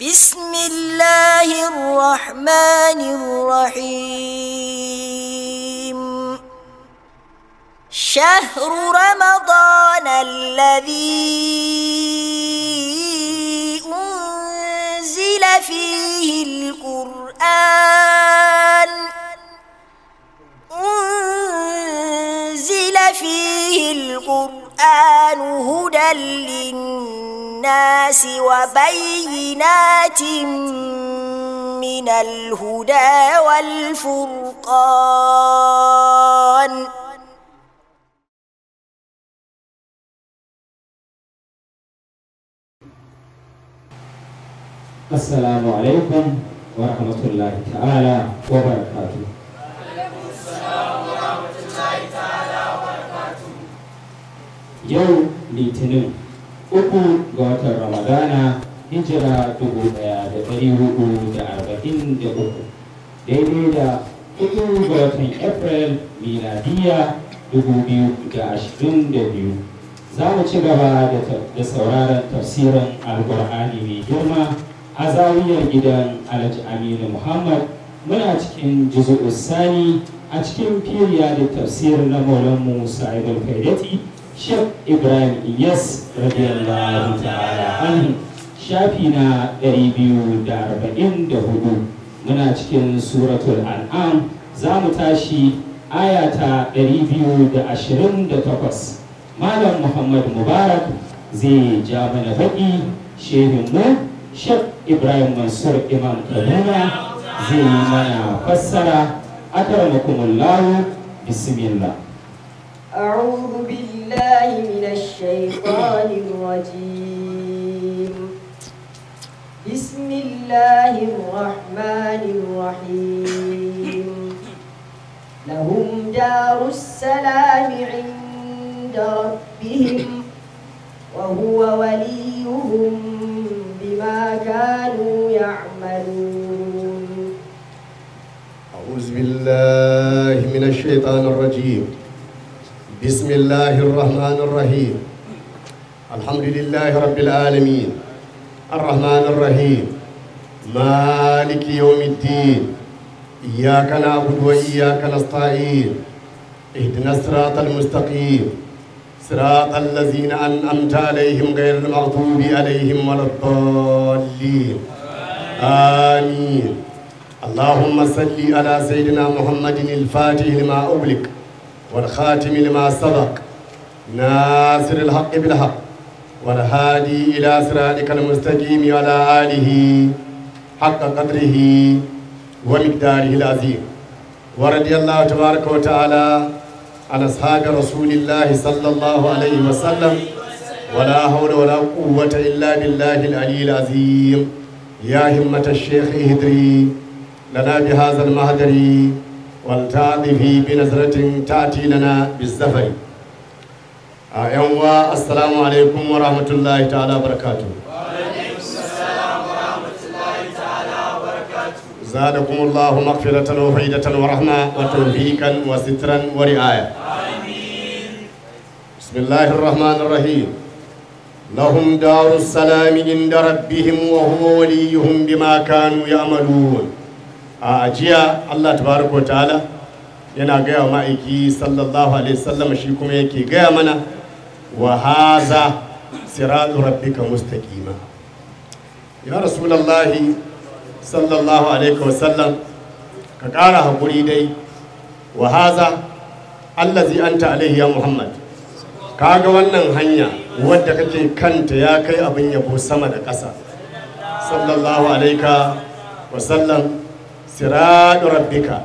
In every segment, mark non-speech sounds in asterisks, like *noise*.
بسم الله الرحمن الرحيم شهر رمضان الذي انزل فيه القران انزل فيه القران القرآن هدى للناس وبينات من الهدى والفرقان السلام عليكم ورحمة الله تعالى وبركاته. عليكم السلام ورحمة الله yau litinin uku ga watan ramadana hijira dubu daya da dari hudu da arba'in da uku daidai da hudu ga watan april miladiya dubu biyu da ashirin da biyu za mu ci gaba da sauraron tafsirin alkur'ani mai girma a zawiyar gidan alhaji aminu muhammad muna cikin Sani a cikin firiya da tafsir na maulanmu sa'id kaidati Sheikh Ibrahim Yes radiyallahu ta'ala anhu shafi na 244 muna cikin suratul al'am za mu tashi aya ta 228 malam Muhammad Mubarak zai ja mana faɗi shehinmu Sheikh Ibrahim Mansur Imam Kaduna zai yi mana fassara akramakumullahu bismillah أعوذ بالله الشيطان الرجيم بسم الله الرحمن الرحيم لهم دار السلام عند ربهم وهو وليهم بما كانوا يعملون أعوذ بالله من الشيطان الرجيم بسم الله الرحمن الرحيم الحمد لله رب العالمين الرحمن الرحيم مالك يوم الدين إياك نعبد وإياك نستعين اهدنا الصراط المستقيم صراط الذين أنعمت عليهم غير المغضوب عليهم ولا الضالين آمين اللهم صل على سيدنا محمد الفاتح لما أغلق والخاتم لما سبق ناصر الحق بالحق والهادي إلى صراطك المستقيم على آله حق قدره ومقداره العظيم ورضي الله تبارك وتعالى على أصحاب رسول الله صلى الله عليه وسلم ولا حول ولا قوة إلا بالله العلي العظيم يا همة الشيخ اهدري لنا بهذا المهدري في بنظرة تأتي لنا بالزفر a yan uwa assalamu alaikum wa rahmatullahi ta'ala barakatu زادكم الله مغفرة وفيدة ورحمة وتوفيقا وسترا ورعاية آمين بسم الله الرحمن الرحيم لهم دار السلام عند ربهم وهو وليهم بما كانوا يعملون أجيا الله تبارك وتعالى yana gaya ma'aiki sallallahu alaihi wasallam shi kuma yake gaya mana wa haza siratu rabbika mustaqima ya rasulullahi sallallahu alaihi wa wasallam ka ƙara hakuri dai wa haza allazi anta alaihi ya muhammad kaga wannan hanya wadda kake kanta ya kai abin yabo sama da ƙasa sallallahu alaihi alaika wasallam siratu rabbika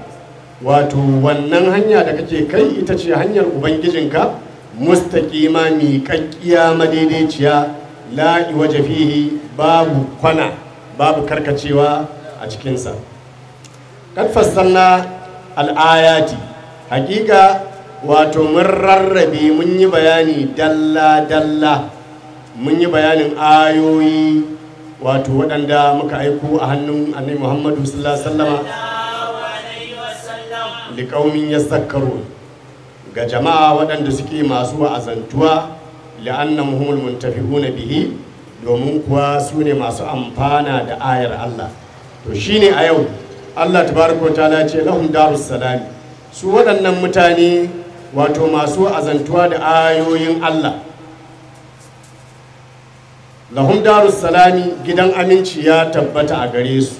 wato wannan hanya da kake kai ita ce hanyar ubangijinka mustaqima miƙaƙƙiya madaidaiciya la'i waje fihi babu kwana babu karkacewa a cikinsa kad fassalna al'ayati haƙiƙa wato mun rarrabe mun yi bayani dalla-dalla mun yi bayanin ayoyi wato waɗanda muka aiko a hannun annabi muhammadu sallallahu alaihi wasallam liƙaumin ya ga jama'a waɗanda suke masu wa'azantuwa la'annan humul muntafi'una bihi domin kuwa su ne masu amfana da ayar Allah to shine a yau Allah tabaraka ta'ala ce lahum darus salami su waɗannan mutane wato masu azantuwa da ayoyin Allah lahum darus salami gidan aminci ya tabbata a gare su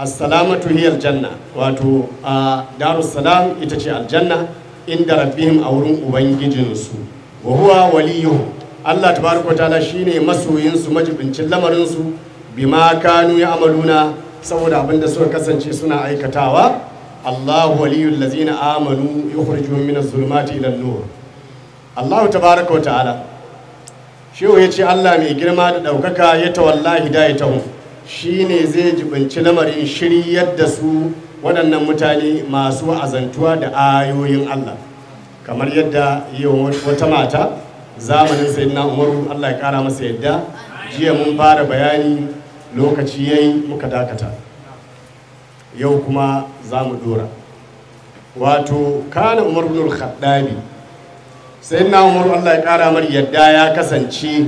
assalamatu hiyar janna wato a darus ita ce aljanna inda rabbihim a wurin ubangijinsu wa huwa waliyu Allah tabaraka ta'ala shine masoyin su majibincin lamarin su bima kanu ya'maluna saboda abinda suka kasance suna aikatawa Allah waliyul ladzina amanu yukhrijuhum minaz zulumati ila nur Allah tabaraka ta'ala shehu ya ce Allah mai girma da ɗaukaka ya tawalla hidayatahum shine zai jibinci lamarin shiryar yadda su waɗannan mutane masu azantuwa da ayoyin Allah kamar yadda yau wata mata zamanin sai na umaru Allah ya ƙara masa yadda jiya mun fara bayani lokaci ya yi muka dakata yau kuma za mu dora wato kana umar ibn sai na sayyidina umaru Allah ya ƙara mar yadda ya kasance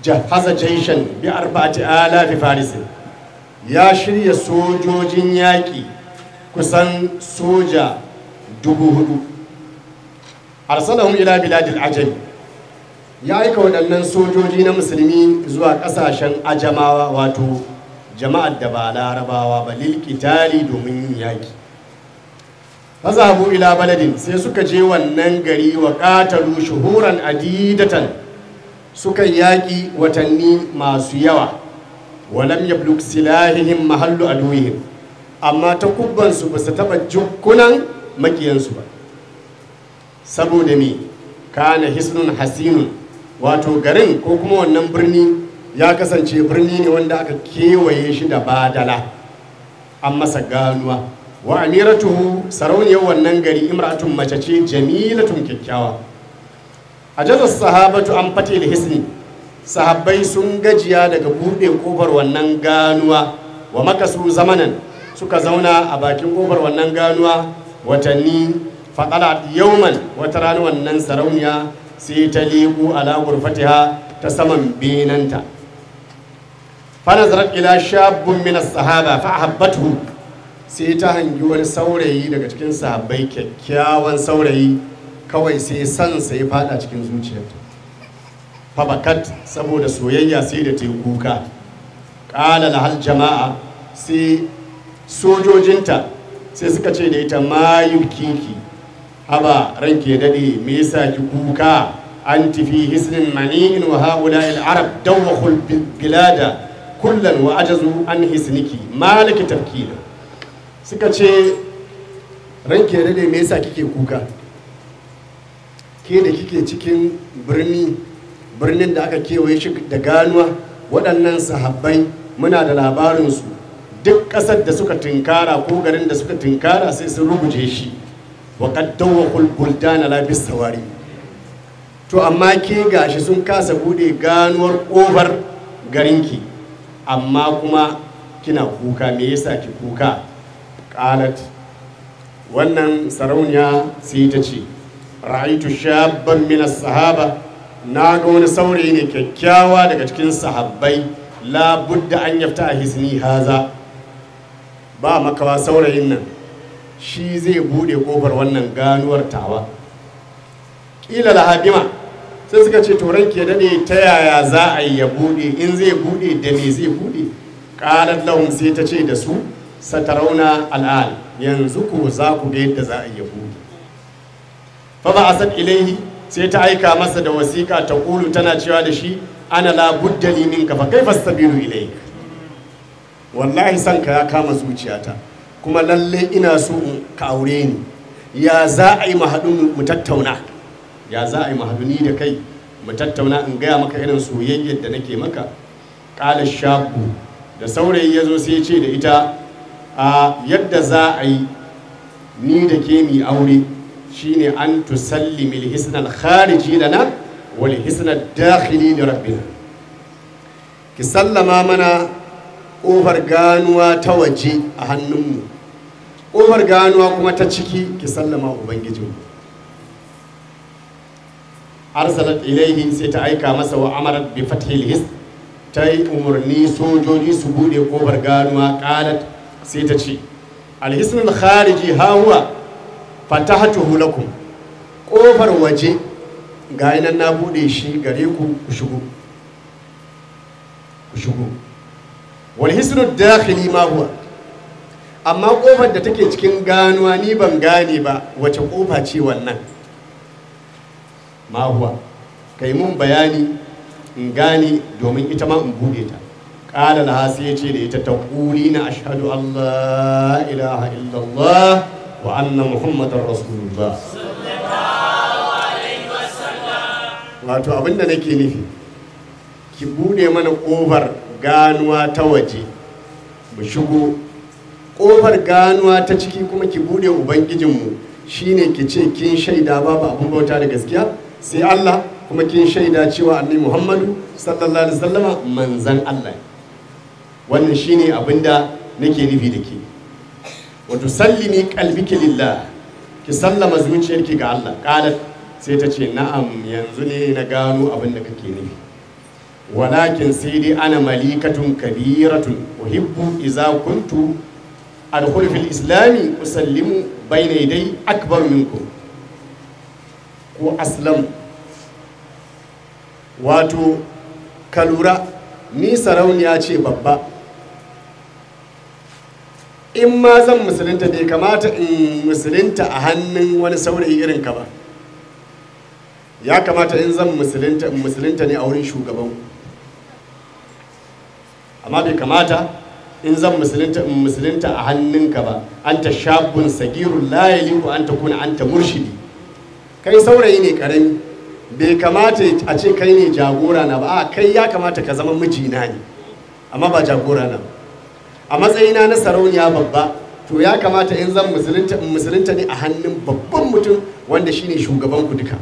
jahaza jaishan bi arba'ati alafi farisin ya shirya sojojin yaƙi kusan soja dubu hudu arsalahum ila biladil ajami ya aika waɗannan sojoji na musulmi zuwa ƙasashen ajamawa wato jama'ar da ba larabawa ba lilkitali domin yin yaƙi fazabu ila baladin sai suka je wannan gari wa ƙatalu shuhuran adidatan suka yaƙi watanni masu yawa walam bluk silahihim mahallu aduwihim amma ta kubbansu ba su taɓa jukkunan makiyansu ba saboda me kana hisnun hasinun wato garin ko kuma wannan birni ya kasance birni ne wanda aka kewaye shi da badala an masa ganuwa wa amiratuhu sarauniyar wannan gari imratun mace ce jamilatun kyakkyawa a jazar sahabatu an fatil hisni sahabbai sun gajiya daga buɗe ƙofar wannan ganuwa wa makasu zamanan suka zauna a bakin ƙofar wannan ganuwa watanni faƙala yauman wata rana wannan sarauniya sai ta liƙu ala fatiha ta saman benanta fanazarar ila shabbun minas sahaba fa'ahabbatu sai ta hangi wani saurayi daga cikin sahabbai kyakkyawan saurayi kawai sai san sai fada cikin zuciyarta fabakat saboda soyayya sai da tai kuka ƙala lahal jama'a sai sojojinta sai suka ce da ita mayu kinki haba ranke daɗe me yasa ki kuka an tafi hisnin mani'in wa haula arab dawwa bilada kullan wa ajazu an hisniki tafki tafkila suka ce ranke daɗe me yasa kike kuka ke da kike cikin birni birnin da aka kewaye shi da ganuwa waɗannan sahabbai muna da labarinsu duk ƙasar da suka tunkara ko garin da suka tunkara sai sun rubuce shi wa kaddawa dana labis sawari to amma ke gashi sun kasa bude ganuwar ƙofar garinki amma kuma kina kuka me yasa ki kuka qalat wannan sarauniya sai ta ce ra'aitu shabban min as-sahaba na ga wani saurayi ne kyakkyawa daga cikin sahabbai budda an yafta a hisni haza ba makawa saurayin nan shi zai bude kofar wannan ganuwar tawa ƙila lahabima sai suka ce turan ke daɗe ta yaya za a yi ya bude in zai bude da me zai bude ƙalar lahun sai ta ce da su satarauna al'al yanzu ku za ku ga yadda za a yi ya bude fa ba a ilaihi sai ta aika masa da wasiƙa ta ƙulu tana cewa da shi ana la budda li minka fa kaifa sabilu ilayk wallahi san ka ya kama zuciyata kuma lalle ina so ka aure ni ya za a yi mahadu mu tattauna ya za a yi mahadu ni da kai mu tattauna in gaya maka irin soyayyar da nake maka ƙala shabu da saurayi ya zo sai ya ce da ita a yadda za a yi ni da ke mi aure shine an tusallimi alhisna alkhariji lana wal hisna dakhili li rabbina ki sallama mana ƙofar ganuwa ta waje a hannunmu ƙofar ganuwa kuma ta ciki ki sallama ubangijinmu arsalat ilaihi sai ta aika masa wa amarat bi fathil his ta yi umarni sojoji su bude kofar ganuwa qalat sai ta ce alhisnul khariji ha fatahatuhu lakum kofar waje ga nan na bude shi gare ku ku shigo ku shigo wal hisnu dakhili huwa amma kofar da take cikin ganuwa ni ban gane ba wace kofa ce wannan ma huwa kai mun bayani in gane domin ita ma in bude ta qala sai ce da ita ƙuri na ashhadu an la ilaha illallah wa anna muhammadar rasulullah wato abinda nake nufi ki bude mana ƙofar ganuwa ta waje mu shigo ƙofar ganuwa ta ciki kuma ki bude mu shine ki ce kin shaida babu abin bauta da gaskiya sai Allah kuma kin shaida cewa annabi Muhammadu sallallahu alaihi manzan Allah wannan shine abinda nake nufi da ke wa kalbi ke lillah ki sallama zuciyarki ga Allah qalat sai ta ce na'am yanzu ne na gano abin da kake nufi walakin sai dai ana malikatun kabiratun uhibbu idza kuntu adkhul fil islami usallimu bayna yaday akbar minku. ko aslam wato kalura ni sarauniya ce babba in ma zan musulunta bai kamata in musulunta a hannun wani saurayi irin ka ba ya kamata in zan musulunta in musulunta ne a wurin shugaban amma bai kamata in zan musulunta in musulunta a hannun ka ba ta shabun sagirun la ko an ta an ta murshidi kai saurayi ne karami bai kamata a ce kai ne jagora na ba a kai ya kamata ka zama mijina ne amma ba jagora na ba a matsayina na sarauniya babba to ya kamata in zan musulunta in musulunta ne a hannun babban mutum wanda shine shugaban ku duka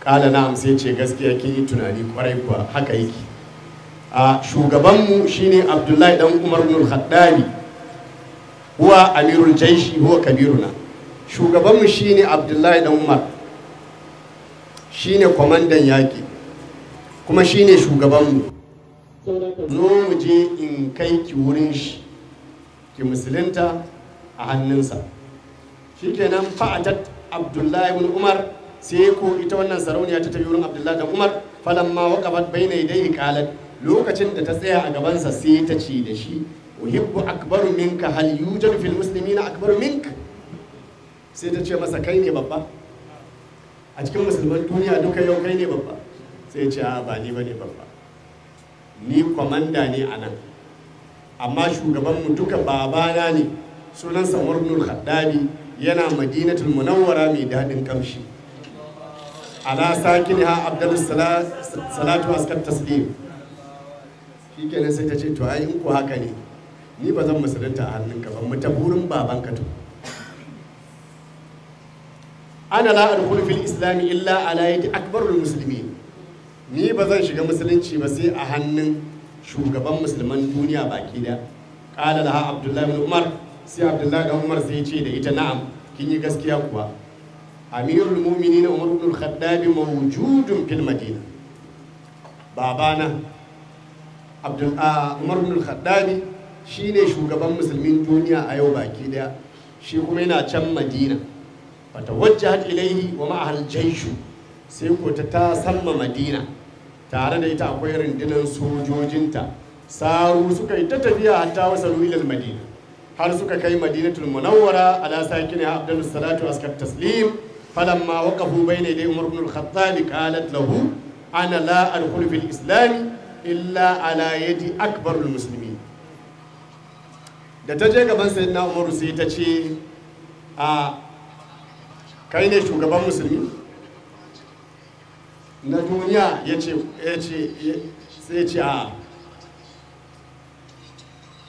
kala na'am sai ce gaskiya kin yi tunani kwarai kuwa haka yake a shugabanmu shine abdullahi dan umar bin khattabi huwa amirul jaishi huwa kabiruna shugabanmu shine abdullahi dan umar shine kwamandan yaƙi kuma shine shugabanmu zo mu je in kai ki wurin shi ki musulunta a hannunsa shikenan fa'atat abdullahi ibn umar sai ko ita wannan sarauniya ta tafi wurin abdullahi da umar falamma waqafat bayna yadayhi qalat lokacin da ta tsaya a gaban sa sai ta ce da shi uhibbu akbaru minka hal yujadu fil muslimina akbaru mink sai ta ce masa kai ne babba a cikin musulman duniya duka yau kai ne babba sai ya ce a ba ni bane babba ni kwamanda ne a nan amma shugabanmu duka babana ne sunansa murnul haddadi yana madinatul munawwara mai daɗin kamshi ala sakin ha abdul salatu askar taslim shi kenan sai ta ce to ai in ku haka ne ni ba zan musulunta a hannunka ba mu ta burin babanka to ana la adkhulu fil islam illa ala yadi akbarul muslimin ni ba zan shiga musulunci ba sai a hannun shugaban musulman duniya baki da ƙala laha abdullahi bin umar sai abdullahi umar sai ce da ita na'am kin yi gaskiya kuwa amirul na umar ibn Khaddabi mawjudun fil madina babana umar ibn Khaddabi shine shugaban musulmin duniya a yau baki ɗaya. shi kuma yana can madina fatawajjahat ilayhi wa ma'ahal jayshu sai ko ta tasamma madina tare da ita akwai rundunar sojojinta saru suka yi ta tafiya hatta wasa ilal madina har suka kai madinatul munawwara ala sakin abdul salatu askar taslim falamma waqafu bayna yaday umar ibn al-khattab qalat lahu ana la adkhulu fil islam illa ala yadi akbar muslimin da ta je gaban sayyidina umar sai ta ce a kai ne shugaban musulmi na duniya ya ce sai ce a ah.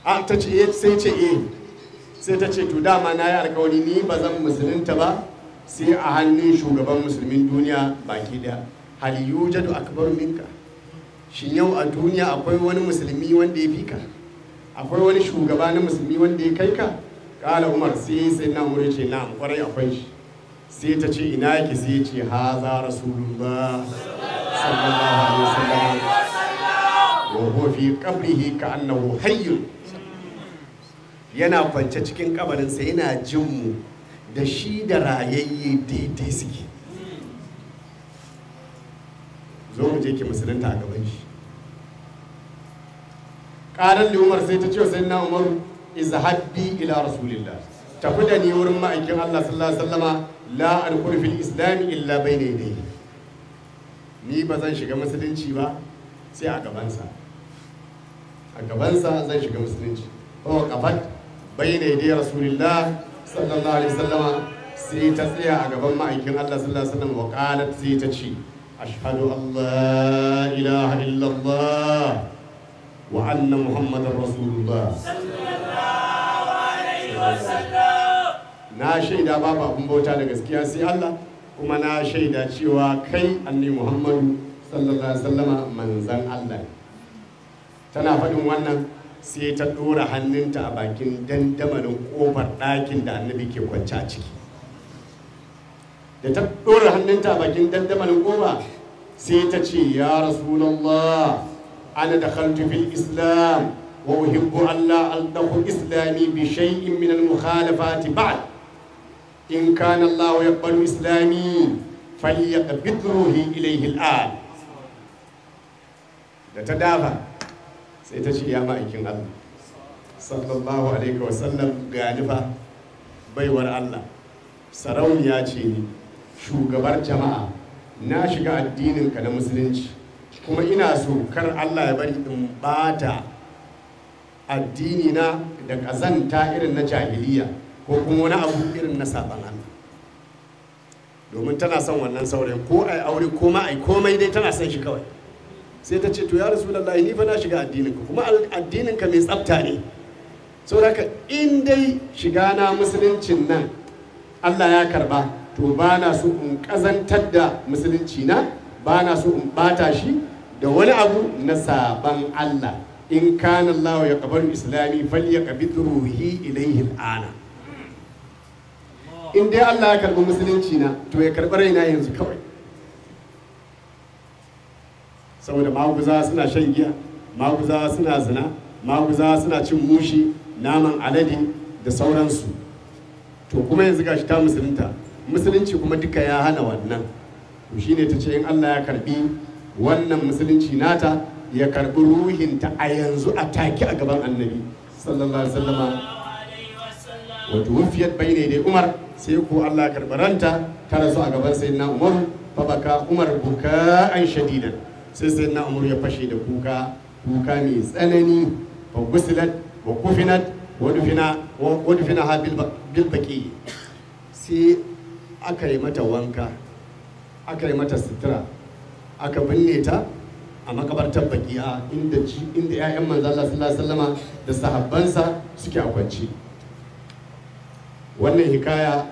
a ta ce eh, sai ce e sai ta ce to dama na yi alkawari ni ba zan musulunta ba sai a hannun shugaban musulmin duniya baki daya hal yujadu akbar minka shin yau a duniya akwai wani musulmi wanda ya fi ka akwai wani shugaba na musulmi wanda ya kai ka kala umar sai sai na umar ce na kwarai akwai shi sai ta ce ina yake sai ya ce haza rasulullah wa fi qabrihi ka annahu yana kwance cikin kabarinsa yana jin mu da shi da rayayye daidai suke zo mu je ki musulunta a gaban shi ƙarar da umar sai ta ce sai na umaru izahabbi ila rasulillah tafi da ni wurin ma'aikin allah sallallahu alaihi la adkhulu fil islam illa bayna yadayhi ni ba zan shiga musulunci ba sai a gabansa a gabansa zan shiga musulunci ko kafat bayna yadayhi rasulillah sallallahu alaihi sallama sai ta tsaya a gaban ma'aikin Allah sallallahu alaihi wasallam wa qalat sai ta ce ashhadu an la ilaha illallah wa anna muhammadar rasulullah sallallahu alaihi wasallam na shaida babu abin bauta da gaskiya sai Allah kuma na shaida cewa kai annabi Muhammadu sallallahu alaihi wasallama manzan Allah tana faɗin wannan sai ta ɗora hannunta a bakin dandamalin ƙofar ɗakin da annabi ke kwance a ciki da ta ɗora hannunta a bakin dandamalin ƙofa sai ta ce ya rasulallah ana da fil islam wa uhibbu allah aldahu islami bi shay'in min al-mukhalafati ba'd In كان الله يقبل إسلامي فليقبض روحي إليه الآن da ta dafa sai ta ce ya ma'aikin Allah sallallahu alaihi wasallam ganifa baiwar Allah sarauniya ce ni shugabar jama'a na shiga addininka na musulunci kuma ina so kar Allah ya bari in bata addini na da kazanta irin na jahiliya ko kuma wani abu irin na saban Allah domin tana son wannan saurayin ko ai aure ko ma ai komai dai tana son shi kawai sai ta ce to ya rasulullahi ni fa na shiga addinin ka kuma addinin ka mai tsafta ne saboda haka in dai shiga na musuluncin nan Allah ya karba to ba na so in kazantar da musulunci na ba na so in bata shi da wani abu na saban Allah in kana Allah ya kabaru islami fal ya kabidu ruhi ilaihi al'ana in dai Allah ya karɓi musulunci na to ya karɓi raina yanzu kawai saboda maguza suna shan giya maguza suna zina maguza suna cin mushi naman alade da sauransu to kuma yanzu gashi ta musulunta musulunci kuma duka ya hana wannan to shine ta ce in Allah ya karɓi wannan musulunci nata ya karɓi ruhinta a yanzu a take a gaban annabi sallallahu alaihi wasallam wato wufiyar bai ne dai umar sai ko allah karbaranta ta rasu a gaban sai na Umar fabaka umar buka an shadidan sai sai na Umar ya fashe da kuka kuka mai tsanani fa gusilat wa kufinat wa ha bil sai aka yi mata wanka aka yi mata sutura aka binne ta a makabartar bakiya inda inda 'ya'yan manzo Allah sallallahu da sahabbansa suke a kwance wannan hikaya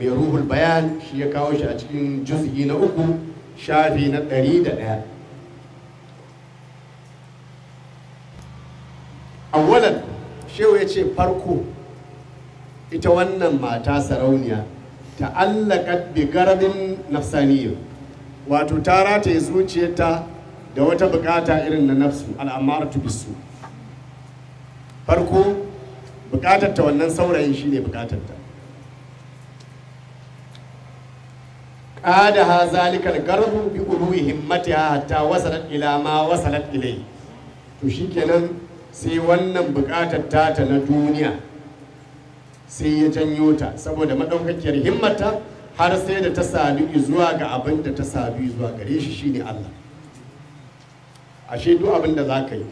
mai ruhul bayan shi ya kawo shi a cikin juz'i na uku shafi na ɗari da ɗaya awwalan shehu ya ce farko ita wannan mata sarauniya ta allaka bi garabin nafsaniyar wato ta rataye zuciyarta da wata bukata irin na nafsu al'amaratu bisu farko bukatar ta wannan saurayin ne bukatar ta qadaha zalika al-garbu bi uluwi himmatiha hatta wasalat ila ma wasalat ilai to shikenan sai wannan bukatar tata na duniya sai ya janyo ta saboda madaukakiyar himmata har sai da ta sadu zuwa ga abin da ta sadu zuwa gare shi shine Allah ashe duk abin da zaka yi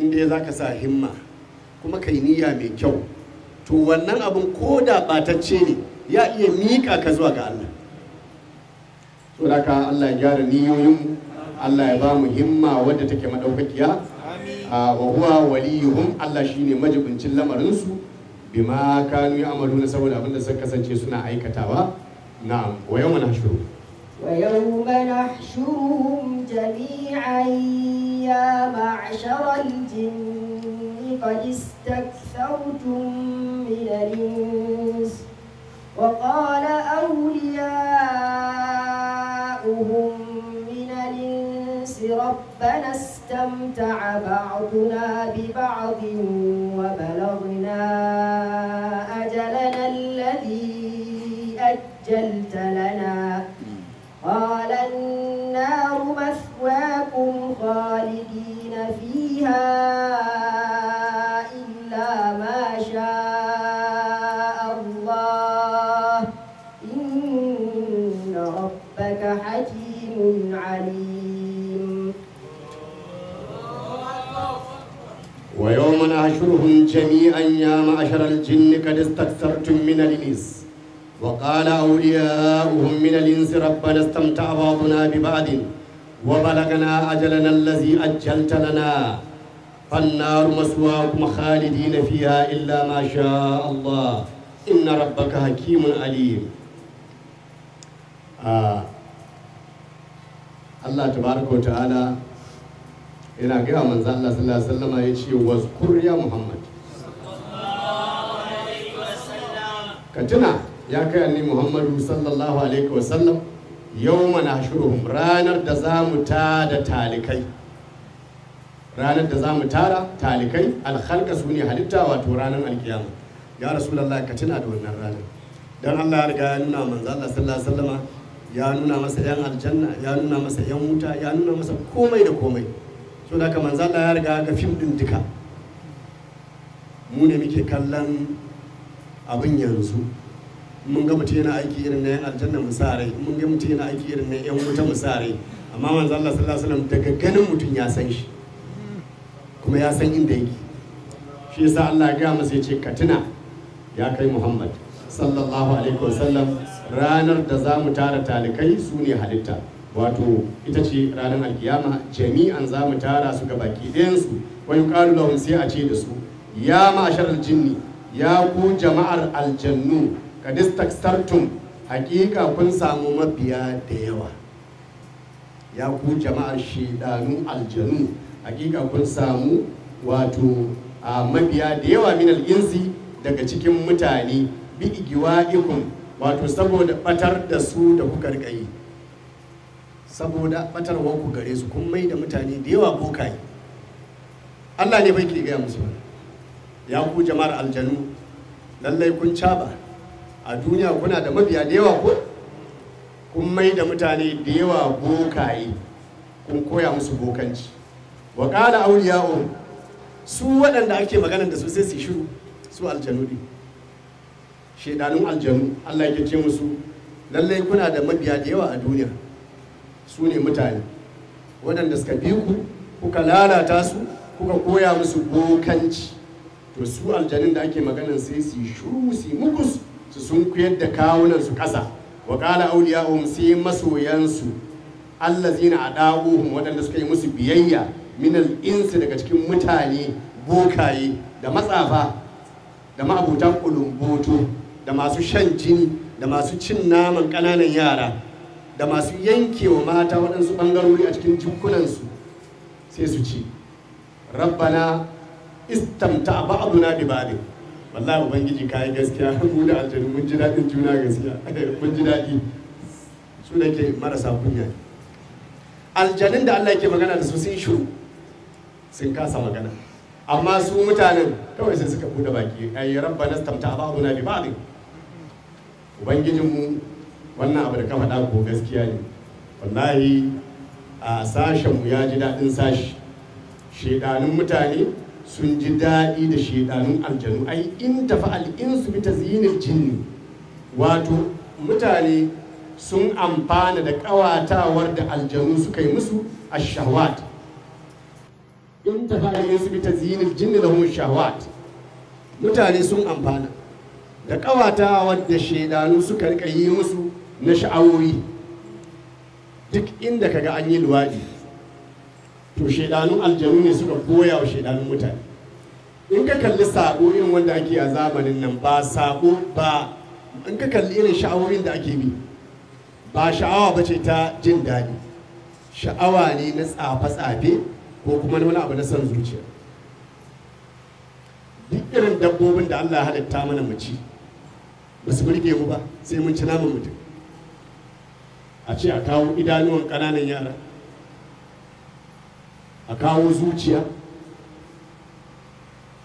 inda zaka sa himma kuma kai niyya mai kyau to wannan abin ko da batacce ne ya iya mika ka zuwa ga Allah haka Allah ya gyara niyoyin Allah ya ba mu himma wadda take madaukakiya ah, wa huwa waliyuhum Allah shine majibincin lamarin su bima kanu ya'maluna saboda abin da suka kasance suna aikatawa na'am wa yawma nahshuru wa yawma nahshuruhum jami'an يا معشر الجن قد استكثرتم من الإنس وقال أولياء ربنا استمتع بعضنا ببعض وبلغنا أجلنا الذي أجلت لنا قال النار مثواكم خالدين فيها إلا ما شاء الله إن ربك حكيم ونحشرهم جميعا يا معشر الجن قد استكثرتم من الإنس وقال أولياؤهم من الإنس ربنا استمتع بعضنا ببعض وبلغنا أجلنا الذي أجلت لنا فالنار مسواكم خالدين فيها إلا ما شاء الله إن ربك حكيم عليم آه. الله تبارك وتعالى yana gaya manzo Allah sallallahu alaihi wasallam ya ce was kurya Muhammad ka tuna ya kai ni Muhammadu sallallahu alaihi wasallam yawma nashruhum ranar da zamu tada talikai ranar da zamu tara talikai alkhalqa sune halitta wato ranar alkiyama ya rasulullahi ka tuna da wannan ranar dan Allah ya riga ya nuna manzo Allah sallallahu alaihi wasallam ya nuna masa yan aljanna ya nuna masa yan wuta ya nuna masa komai da komai so da kamar zalla ya riga ga fim din duka mu ne muke kallon abin yanzu mun ga mutum yana aiki irin na yan aljanna misarai mun ga mutum yana aiki irin na yan wuta misarai amma manzo Allah sallallahu alaihi wasallam daga ganin mutum ya san shi kuma ya san inda yake shi yasa Allah ya ga masa yace ka tuna ya kai Muhammad sallallahu alaihi wasallam ranar da za mu tara talikai su ne halitta wato ita ce ranar alkiyama jami'an za mu tara su ga baki ɗayansu wani ƙalu lahun sai a ce da su ya ma'ashar jini ya ku jama'ar aljannu distak takstartum hakika kun samu mabiya da yawa ya ku jama'ar shidanu aljanu hakika kun samu wato a mabiya da yawa min al'insi daga cikin mutane bi igiwa ikun wato saboda batar da su da kuka yi saboda batarwar ku gare su kun mai da mutane da yawa bokaye Allah ne bai ke gaya musu ya ku jama'ar aljanu lallai kun caba a duniya kuna da mabiya da yawa ko kun mai da mutane da yawa bokaye kun koya musu bokanci wa ƙala auliya'u su waɗanda ake magana da su sai su shiru su aljanu ne shaidanun aljanu Allah ya ce musu lallai kuna da mabiya da yawa a duniya su ne mutane waɗanda suka bi ku kuka lalata su kuka koya musu bokanci to su aljanin da ake maganan sai su yi shuru su mukus su sun kuyar da kawunan su ƙasa wa ƙala auliya'uhum sai masoyansu a adabuhum waɗanda suka yi musu biyayya minal insu daga cikin mutane bokaye da matsafa da ma'abutan ƙulumboto da masu shan jini da masu cin naman ƙananan yara da masu yankewa mata waɗansu ɓangarori a cikin jikunansu sai su ci rabbana istamta na bi ba'd wallahi ubangiji kai gaskiya *laughs* mu da aljanu mun ji daɗin juna gaskiya *laughs* mun ji daɗi su da ke marasa kunya aljanun da Allah ke magana da su sun shiru sun kasa magana amma su mutanen kawai sai suka buɗe baki ayi rabbana istamta ba'duna bi ba'd ubangijinmu wannan abu da ka faɗa ko gaskiya ne wallahi a sashen mu ya ji daɗin sashi shedanun mutane sun ji daɗi da shedanun aljanu ai in tafi su bi tazyinil jinni wato mutane sun amfana da ƙawatawar da aljanu suka yi musu shahwat. in tafi su bi tazyinil jinni lahum shahwat mutane sun amfana da ƙawatawar da shedanu suka rika yi musu na sha'awoyi duk inda ga an yi luwaɗi to shaidanun aljanu ne suka goya wa shaidanun mutane in ka kalli sako irin wanda ake a zamanin nan ba sako ba in ka kalli irin sha'awoyin da ake bi ba sha'awa ba ce ta jin daɗi sha'awa ne na tsafe-tsafe ko kuma wani abu na son zuciya duk irin dabbobin da allah halitta mana mu ci ba su burge mu ba sai mun ci naman mutum a ce a kawo idanuwan ƙananan yara a kawo zuciya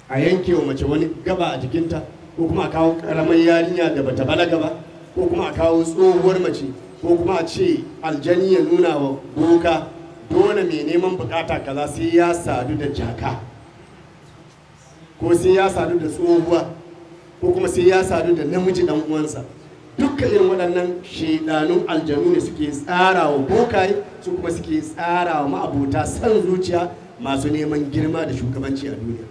a yanke wa mace wani gaba a jikinta ko kuma a kawo ƙaramin yarinya da bata balaga ba ko kuma a kawo tsohuwar mace ko kuma a ce aljani ya nuna wa doka dole mai neman bukata kaza sai ya sadu da jaka ko sai ya sadu da tsohuwa ko kuma sai ya sadu da namiji dan uwansa dukkan irin waɗannan shaidanun aljanu ne suke tsara wa bokaye su kuma suke tsara wa ma'abota san zuciya masu neman girma da shugabanci a duniya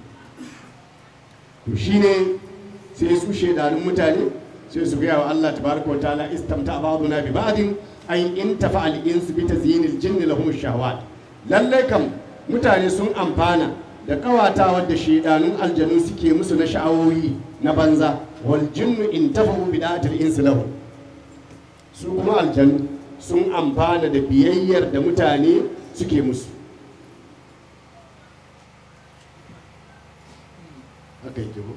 to shine sai su shaidanun mutane sai su gaya wa Allah tabaraka wa ta'ala istamta na bi ba'din ay in tafa'al insu bi tazyinil jinni lahum shahawat lalle kam mutane sun amfana da ƙawata wadda shaidanun aljanu suke musu na sha'awoyi na banza waljinnu jinnu in tafahu bi da'atil insi lahu su kuma aljanu sun amfana da biyayyar da mutane suke musu haka yake ko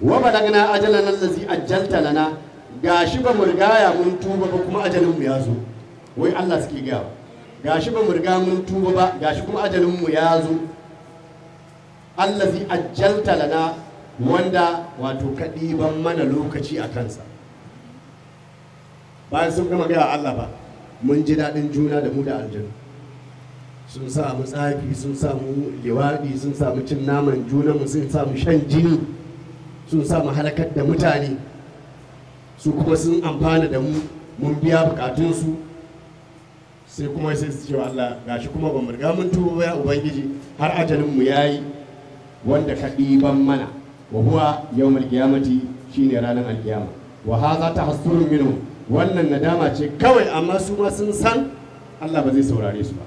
wa balagna ajalana allazi ajjalta lana gashi ba mu rigaya mun tuba ba kuma ajalin mu ya zo wai Allah suke ga gashi ba mu riga mun tuba ba gashi kuma ajalin mu ya zo allazi ajjalta lana wanda wato kaɗi ban mana lokaci a kansa bayan sun gama gaya Allah ba mun ji daɗin juna da mu da aljanu sun samu tsafi sun samu liwaɗi sun samu cin naman juna mu sun samu shan jini sun samu halakar da mutane su kuma sun amfana da mu mun biya bukatunsu sai kuma sai su cewa Allah gashi kuma ba mu riga mun tuba ya ubangiji har ajalin mu yayi wanda ka ɗiban mana wa huwa yawmul qiyamati shine ranar alkiyama wa hadha tahassurun minhu wannan nadama ce kawai amma su ma sun san Allah ba zai saurare su ba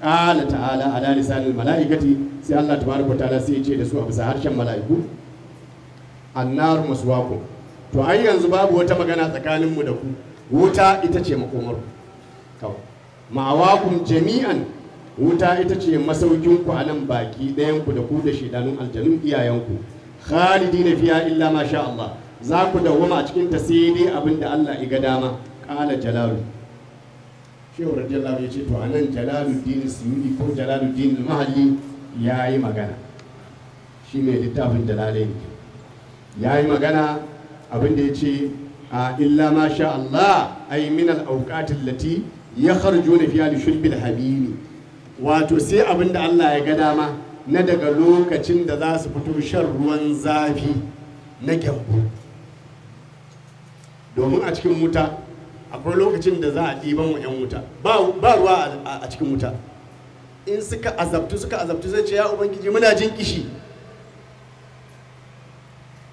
qala ta'ala ala lisanil malaikati sai Allah tabaraka ta'ala sai ya ce da su a bisa harshen mala'iku annar maswaqu to ai yanzu babu wata magana tsakanin mu da ku wuta ita ce makomar kawai ma'awakum jami'an wuta ita ce masaukin ku a nan baki ɗayan ku da ku da shedanun aljanun iyayen ku khalidina fiha illa ma Allah za ku dawwama a cikin sai dai abin da Allah ya ga dama qala jalalu shehu radiyallahu ya ce to anan jalaluddin suyudi ko jalaluddin mahalli ya yi magana shi ne littafin dalalain ya yi magana abin da ya ce a illa ma Allah ai min al ya habibi wato sai abinda Allah ya ga dama na daga lokacin da za su fito shan ruwan zafi na gyambu domin a cikin wuta akwai lokacin da za a ɗiban wa 'yan wuta ba ruwa a cikin wuta in suka azabtu suka azabtu zai ce ya ubangiji muna jin kishi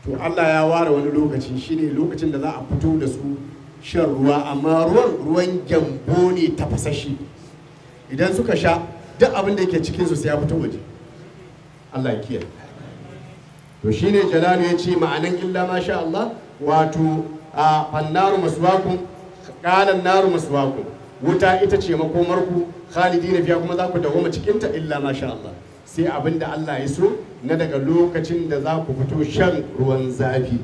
to allah ya ware wani lokaci shine lokacin da za a fito da su shan ruwa amma ruwan ruwan gyambo ne tafasashi idan suka sha duk abin da yake cikinsu sai ya fito waje Allah ya kiyaye to shine jalalu ya ce ma'anan illa ma sha Allah wato a fannaru maswakum qalan naru maswakum wuta ita ce makomarku khalidina fiya kuma za ku dawoma cikinta illa ma sha Allah sai abin da Allah ya so na daga lokacin da za ku fito shan ruwan zafi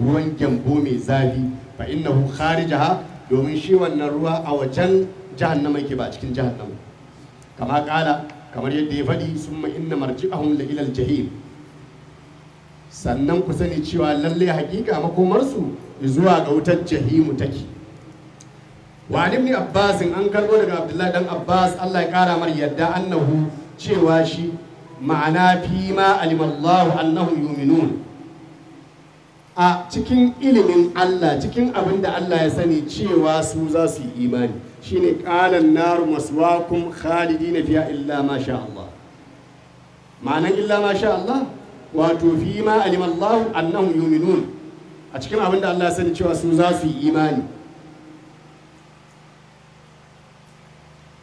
ruwan gyambo mai zafi fa innahu kharijaha domin shi wannan ruwa a wajen jahannama yake ba cikin jahannama kama kala kamar yadda ya faɗi sun inna marji'ahum la ilal jahim sannan ku sani cewa lalle hakika makomarsu zuwa ga wutar jahimu take wa ibn abbas an karbo daga abdullahi dan abbas Allah ya kara mar yadda annahu cewa shi ma'ana fi ma alimallahu annahu yuminun a cikin ilimin Allah cikin abin da Allah ya sani cewa su za su yi imani shine qalan naru maswakum khalidina fiha illa ma sha Allah ma'anan illa ma sha Allah wato fi ma alima Allah annahum yu'minun a cikin abin da Allah ya sani cewa su za su yi imani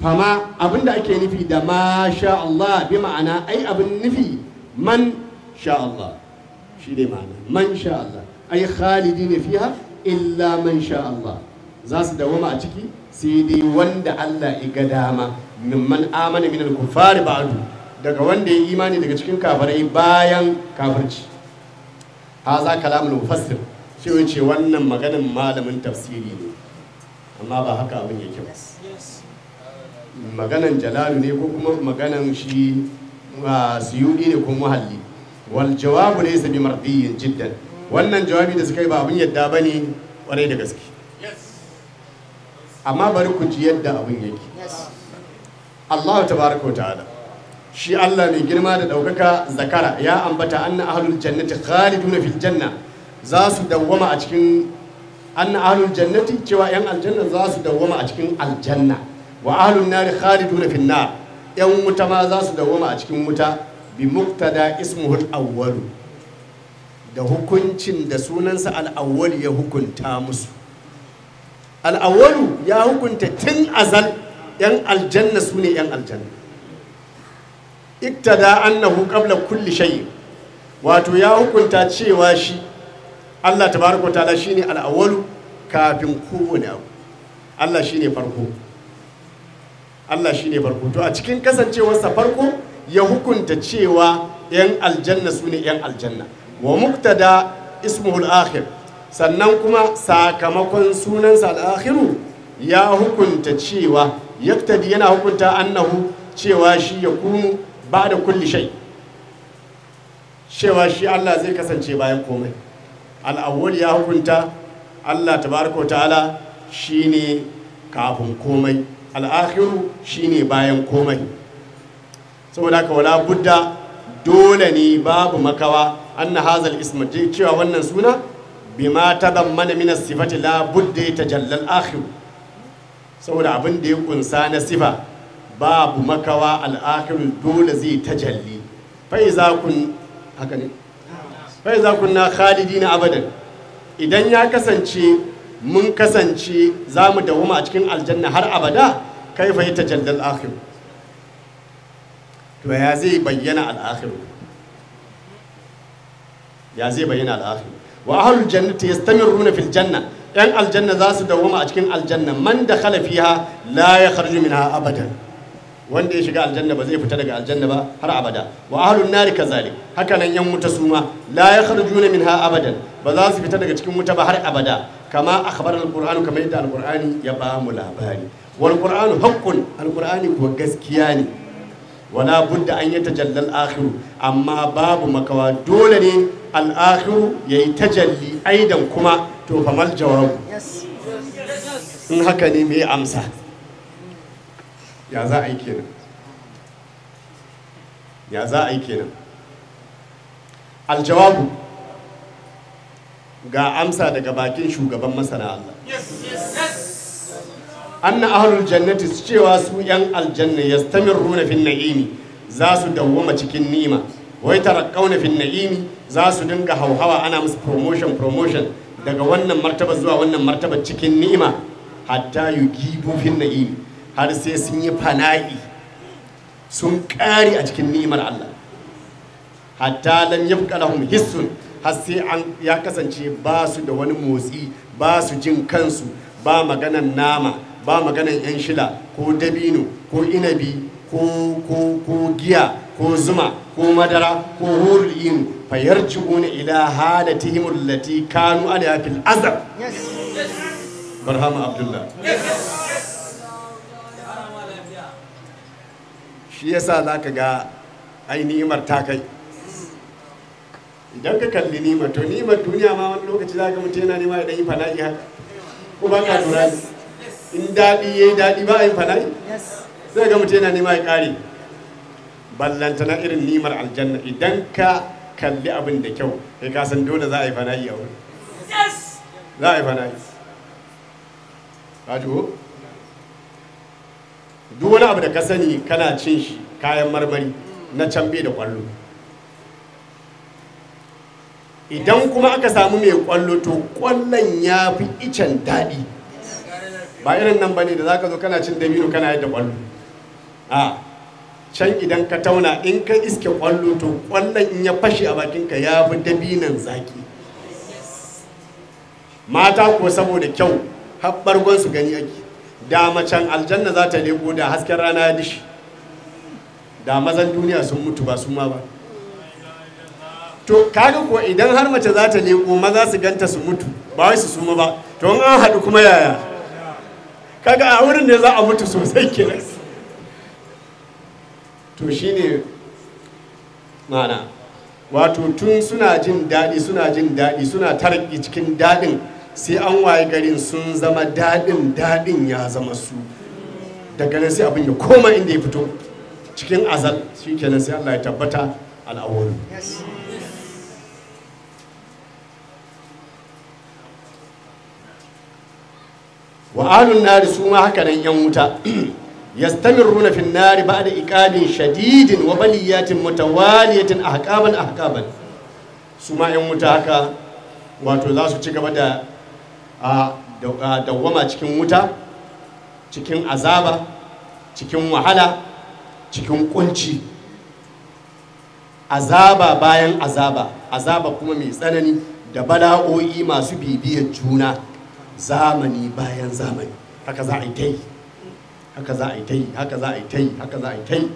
fama abin da ake nufi da ma sha Allah bi ma'ana ai abin nufi man sha Allah shi ne ma'ana man sha Allah ai khalidi ne fiha illa man sha Allah za su dawama a ciki sai wanda Allah ya ga dama mimman amana minal kufari ba'du daga wanda ya imani daga cikin kafirai bayan kafirci haza kalamul mufassir shi ce wannan maganin malamin tafsiri ne amma ba haka abin yake ba maganan jalalu ne ko kuma maganan shi ah, suyudi ne ko muhalli wal jawabu laysa bi mardiyin jiddan wannan jawabi da suka yi ba abin yadda bane kwarai da gaske amma bari ku ji yadda abin yake Allah tabaraka ta'ala shi Allah mai girma da ɗaukaka zakara ya ambata anna ahlul jannati khalidun fil janna za su dawwama a cikin anna ahlul jannati cewa yan aljanna za su dawwama a cikin aljanna wa ahlun nari khalidun fil nar yan wuta ma za su dawwama a cikin wuta bi muqtada ismuhul awwalu da hukuncin da sunansa al ya hukunta musu al'awwalu ya hukunta tun azal yan aljanna su ne yan aljanna iktada annahu qabla kulli shay wato ya hukunta cewa shi Allah tabaraka ta'ala shine al'awwalu kafin kowane abu Allah shine farko Allah shine farko to a cikin kasancewarsa farko ya hukunta cewa yan aljanna su ne yan aljanna wa muktada ismuhul akhir sannan kuma sakamakon sunansa al'akhiru ya hukunta cewa yaktadi yana hukunta annahu cewa shi ya kunu ba da kulli shai cewa shi Allah zai kasance bayan komai al'awwal ya hukunta Allah tabaraka ta'ala shine kafin komai al'akhiru shine bayan komai saboda ka wala budda dole ne babu makawa anna hazal ism cewa wannan suna bima tadammana min as-sifati la budda ta al-akhir saboda abin da ya kunsa na sifa babu makawa al dole zai tajalli Fai za kun haka ne fa iza kunna khalidina abadan idan ya kasance mun kasance za mu dawoma a cikin aljanna har abada kai fa yatajalla al-akhir to ya zai bayyana al-akhir ya zai bayyana al wa ahlul jannati yastamirruna fil janna yan aljanna za su dawwama a cikin aljanna man dakhala fiha la yakhruju minha abadan wanda ya shiga aljanna ba zai fita daga aljanna ba har abada wa ahlun nari kazalik haka nan yan wuta suma la yakhrujuna minha abadan ba za su fita daga cikin wuta ba har abada kama akhbar alqur'anu kama yadda alqur'ani ya ba mu labari wal qur'anu haqqun alqur'ani kuwa gaskiya ne wala budda an yatajalla al-akhiru amma babu makawa dole ne al'akhiru ya yi tajalli aidan kuma to famal jawabu in haka ne mai amsa ya za a yi kenan ya za a yi kenan aljawabu ga amsa daga bakin shugaban masana Allah anna ahlul jannati su cewa su yan aljanna ya runa fin na'imi za su dawoma cikin nima. wai kauna fin na'imi za su dinga hauhawa ana musu promotion promotion daga wannan martaba zuwa wannan martaba cikin ni'ima hatta gibu fin na'im har sai sun yi fana'i sun kari a cikin ni'imar Allah hatta lam yabqa lahum hissun har sai an ya kasance ba su da wani motsi ba su jin kansu ba maganan nama ba maganan yan shila ko dabino ko inabi ko ko giya ko zuma ko madara ko hurul fayar fayarji'una ila halatihim allati kanu alaiha fil azab barhama abdullah shi yasa sa ga ai ni'imar ta kai idan ka kalli ni'imar to ni'imar duniya ma wani lokaci ka mutu yana nema idan yi fala'i haka ko ba ka lura in daɗi ya yi daɗi ba a yi fala'i sai ga mutu yana nema ya ƙare ballantana irin nimar aljanna idan ka kalli abin da kyau kai ka san dole za a yi fana'i a wurin za a yi fana'i ka duk wani abu da ka sani kana cin shi kayan marmari na can da kwallo idan kuma aka samu mai kwallo to kwallon ya fi icen daɗi ba irin nan ba ne da za ka zo kana cin dabino kana yadda kwallo ah. can idan ka tauna in ka iske kwallo to kwallon in ya fashe a bakinka ya fi dabinan zaki mata ko saboda kyau haɓɓar su gani ake da macen aljanna za ta leko da hasken rana ya dishi da mazan duniya sun mutu ba su ma ba to kaga ko idan har mace za ta leko maza su ganta su mutu ba wai su suma ba to an haɗu kuma yaya kaga a wurin ne za a mutu sosai kenan to shine mana wato tun suna jin daɗi suna jin daɗi suna tarki cikin daɗin sai an waye garin sun zama daɗin daɗin ya zama su daga nan sai abin ya koma inda ya fito cikin azal shi kenan sai Allah ya tabbata al'awuri wa alun nari su ma haka nan yan wuta yastamirruna fin nari ba'da iqabin shadidin wa baliyatin mutawaliyatin ahqaban ahqaban su ma yan wuta haka wato zasu ci gaba da dawwama cikin wuta cikin azaba cikin wahala cikin kunci azaba bayan azaba azaba kuma mai tsanani da bala'o'i masu bibiyar juna zamani bayan zamani haka za a yi ta yi haka za a yi ta yi haka za a yi ta yi haka za a yi ta yi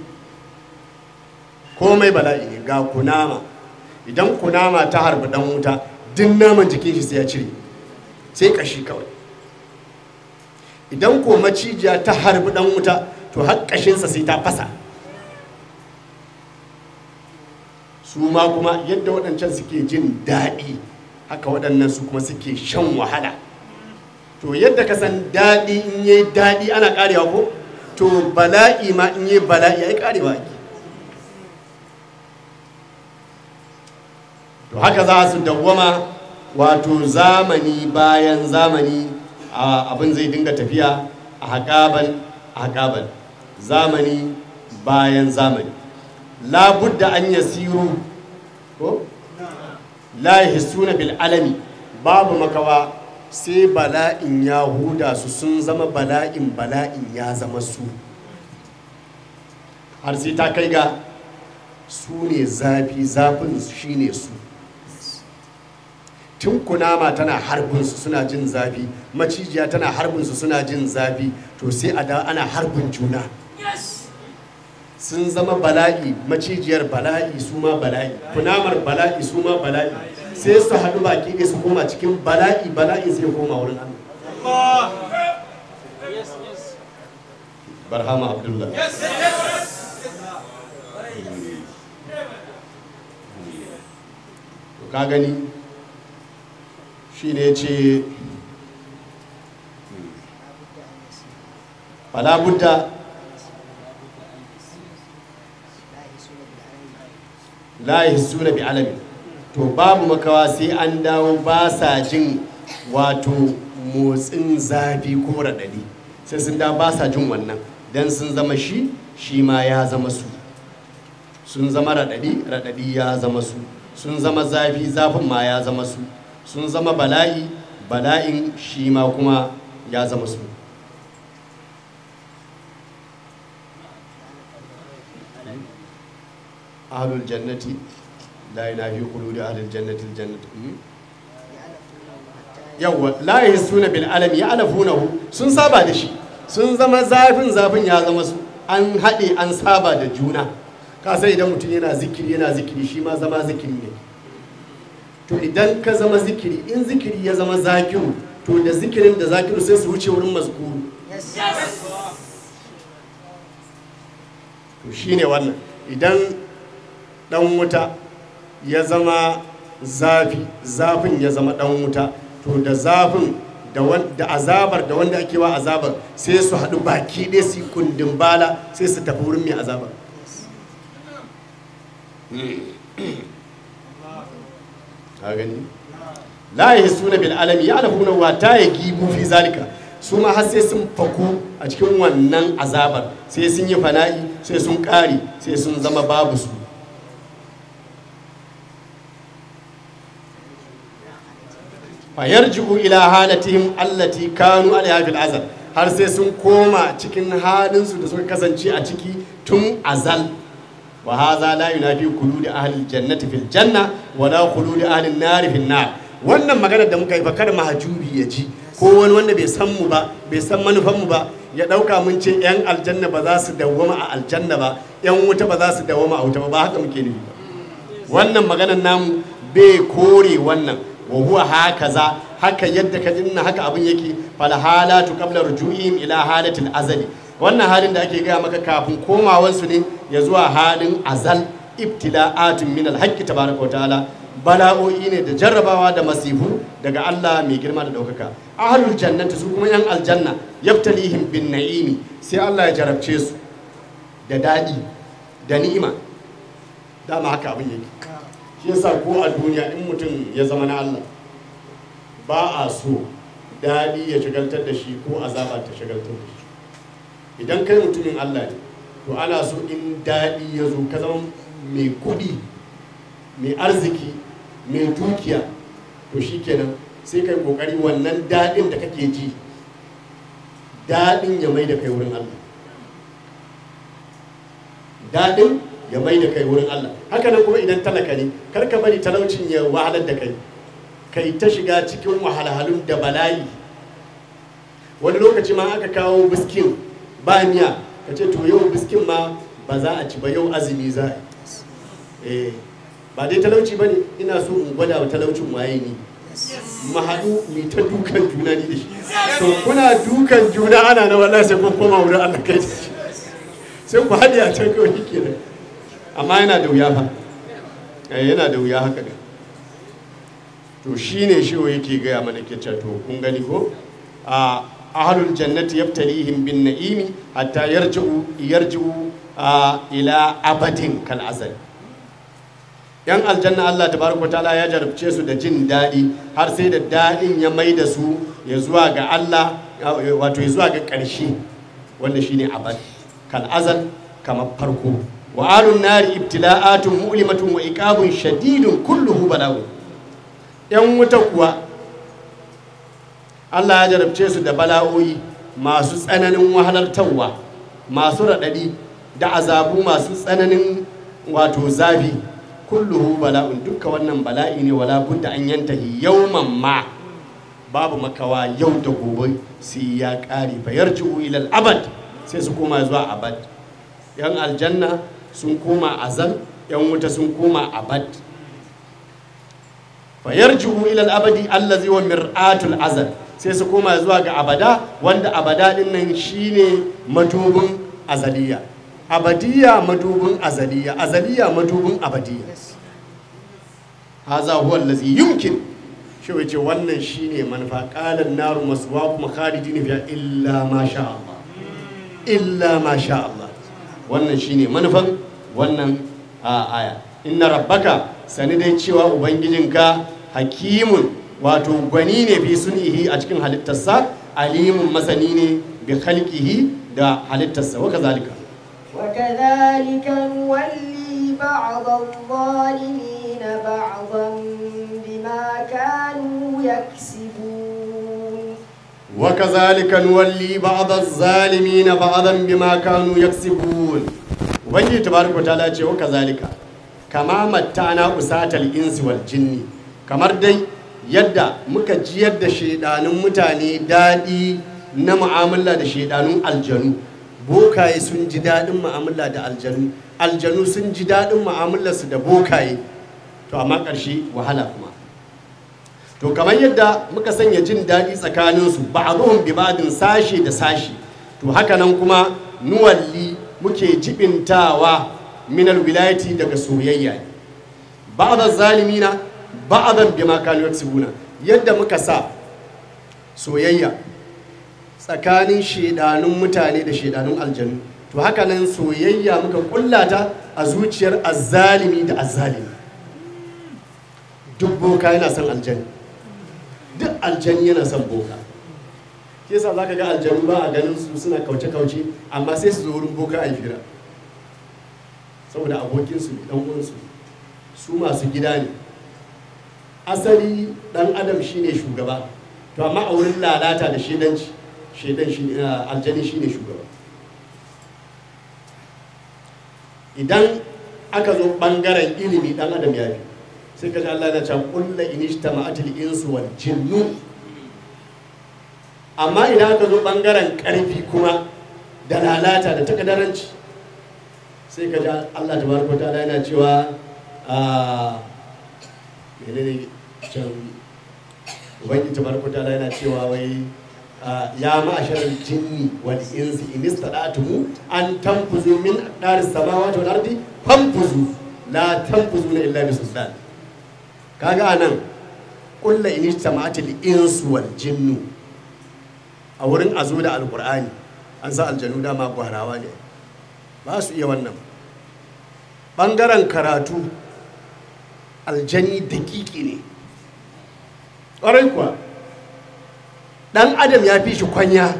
komai bala'i ne ga kunama idan kunama ta harbi dan wuta duk naman jikin shi sai ya cire sai kashi kawai idan ko macijiya ta harbi dan wuta to har kashinsa sai ta fasa su ma kuma yadda waɗancan suke jin daɗi haka waɗannan su kuma suke shan wahala to yadda ka san daɗi in yi daɗi ana ƙarewa ko to bala'i ma in yi bala'i ya yi ƙarewa ake to haka za su dawwama wato zamani bayan zamani abin zai dinga tafiya a haƙaɓal a haƙaɓal zamani bayan zamani labudda an yasiru ko la yahsuna bil alami babu makawa sai bala'in ya huda su sun zama bala'in bala'in ya zama su har sai ta kai ga su ne zafi zafin shi ne su tun kunama tana harbin su suna jin zafi macijiya tana harbin su suna jin zafi to sai a da ana harbin juna sun zama bala'i macijiyar bala'i su ma bala'i kunamar bala'i su ma bala'i sai su haɗu baki ne su koma cikin bala'i bala'i sai koma wurin Allah barhama abdullah ka gani shi ne ce falabudda la yi suna bi alamin to babu makawa sai an dawo ba sa jin wato motsin zafi ko raɗaɗi sai sun dawo ba sa jin wannan don sun zama shi shi ma ya zama su sun zama raɗaɗi raɗaɗi ya zama su sun zama zafi zafin ma ya zama su sun zama bala'i bala'in shi ma kuma ya zama su ahlul jannati la ina fi quludi ahlil jannati al jannatu yawa la yasuna bil alami ya'lafunahu sun saba da shi sun zama zafin zafin ya zama su an haɗe an saba da juna ka sai idan mutum yana zikiri yana zikiri shi ma zama zikiri ne to idan ka zama zikiri in zikiri ya zama zakiru to da zikirin da zakiru sai su wuce wurin mazkuru to shine wannan idan dan wuta ya zama zafi zafin ya zama dan wuta to da zafin da azabar da wanda ake wa azabar sai su haɗu baki ɗaya su kundin bala sai su tafi wurin mai azabar la ya hisu na bil'alami ya alafu na wata ya gibu fi zalika su ma har sai sun faku a cikin wannan azabar sai sun yi fana'i sai sun ƙari sai sun zama babu su fa ila halatihim allati kanu alaiha fil azal har sai sun koma cikin halin da suka kasance a ciki tun azal wa hadha la yunafi khulud ahli jannati fil janna wa la khulud ahli nar fil nar wannan maganar da muka yi fa kada mahajubi ya ji ko wani wanda bai san mu ba bai san manufan mu ba ya dauka mun ce yan aljanna ba za su dawwama a aljanna ba yan wuta ba za su dawwama a wuta ba ba haka muke nufi ba wannan maganar namu bai kore wannan wa haka za haka yadda ka nuna haka abin yake fal halatu qabla ruju'ihim ila halatil azali wannan halin da ake gaya maka kafin komawansu ne ya zuwa halin azal ibtila'atun min alhaqqi tabaraka ta'ala bala'o'i ne da jarrabawa da masifu daga Allah mai girma da daukaka ahlul jannati su kuma yan aljanna yabtalihim bin na'imi sai Allah ya jarabce su da dadi da ni'ima dama haka abin yake shi yasa ko a duniya in mutum ya zama na Allah ba a so daɗi ya shagaltar da shi ko azaba ta shagaltar da shi idan kai mutumin Allah ne to ana so in daɗi ya zo ka zama mai kuɗi mai arziki mai dukiya to shi kenan sai kai kokari wannan daɗin da kake ji daɗin ya mai da kai wurin Allah daɗin ya mai da kai wurin Allah haka nan kuma idan talaka ne kar ka bari talaucin ya wahalar da kai kai ta shiga cikin wahalhalun da bala'i wani lokaci ma aka kawo biskin ba miya ka ce to yau biskin ma ba za a ci ba yau azumi za a yi eh, ba dai talauci ba ne ina so in gwada wa talaucin waye ne mahadu mai ta dukan juna ne da shi to kuna dukan juna ana na wallahi sai kun koma wurin Allah kai sai ku haɗe a can kawai kenan amma yana da wuya fa eh, yana da wuya haka ne to ne shi yake gaya mana ke to kun gani ko a ahalul jannati yabtalihim bin na'imi hatta yarji'u yarji'u ila abadin kal azal yan aljanna Allah tabaraka ta'ala ya jarabce su da jin daɗi har sai da daɗin ya mai da su ya zuwa ga Allah wato ya zuwa ga ƙarshe wanda shine abad kal azal kamar farko wa alun nari ibtila'atun mu'limatun wa iqabun shadidun kulluhu bala'u yan wuta kuwa Allah ya jarabce su da bala'o'i masu tsananin wahalartarwa masu raɗaɗi da azabu masu tsananin wato zafi kulluhu bala'un dukka wannan bala'i ne wala budda an yantahi yawman ma babu makawa yau da gobe sai ya ƙare fa yarji'u ilal abad sai su koma zuwa abad yan aljanna sun koma azal yan wuta sun koma abad fayar juhu ilal abadi Allah allazi wa mir'atul azal sai su koma zuwa ga abada wanda abada din nan shine madubin azaliya abadiya madubin azaliya azaliya madubin abadiya haza huwa allazi yumkin shi wace wannan shine manufa qalan naru maswaqu makharijin fiha illa ma sha Allah illa ma sha Allah wannan shine manufan wannan aya inna rabbaka sani dai cewa ubangijinka hakimun wato gwani ne fi sunihi a cikin halittarsa alimun masani ne bi khalqihi da halittarsa wa kazalika wa kadhalika walli ba'd adh-dhalimin ba'dan bima kanu yaksibun wa kadhalika walli ba'd adh-dhalimin ba'dan bima kanu yaksibun ubangiji tabaraka ta'ala ce wa kazalika kama mattana usatal insi wal jinni kamar dai yadda muka jiyar da shaidanun mutane daɗi na mu'amala da shaidanun aljanu bokaye sun ji daɗin mu'amala da aljanu aljanu sun ji daɗin su da bokaye to amma ƙarshe wahala kuma to kamar yadda muka sanya jin daɗi tsakaninsu ba a ruhun bibadin sashe da sashe to haka nan kuma nuwalli muke jibintawa minal wilayati daga soyayya ba'adhan zalimina ba'adhan bima kanu yaksubuna yadda muka sa soyayya tsakanin shedanun mutane da shedanun aljannu to haka nan soyayya muka kullata a zuciyar azzalimi da azzalimi duk boka yana son aljani duk aljani yana son boka shi yasa ka ga aljanu ba a ganin su suna kauce-kauce amma sai su zo wurin boka a fira saboda abokinsu ne dan uwansu su masu gida ne asali dan adam shine shugaba to amma a wurin lalata da shedanci shedan shi ah, aljani shine shugaba idan aka zo bangaren ilimi dan adam ya fi sai ka ji Allah ya ce kullu inistama'atil insu wal jinnu amma idan aka zo bangaren karfi kuma da lalata da takadaranci sai ka ji Allah ta barko ta yana cewa a ah, menene can wani ta barko ta yana cewa wai ah, ya a jinni wal insi in istata'tumu an tanfuzu min daris samawati wal ardi fanfuzu la na illa bi sultan kaga anan kullu in istata'atil insu wal jinnu a wurin a zo da alkur'ani an sa aljanu dama gwarawa ne ba su iya wannan ɓangaren karatu aljani daƙiƙi ne ƙwarai kuwa ɗan adam ya fi shi kwanya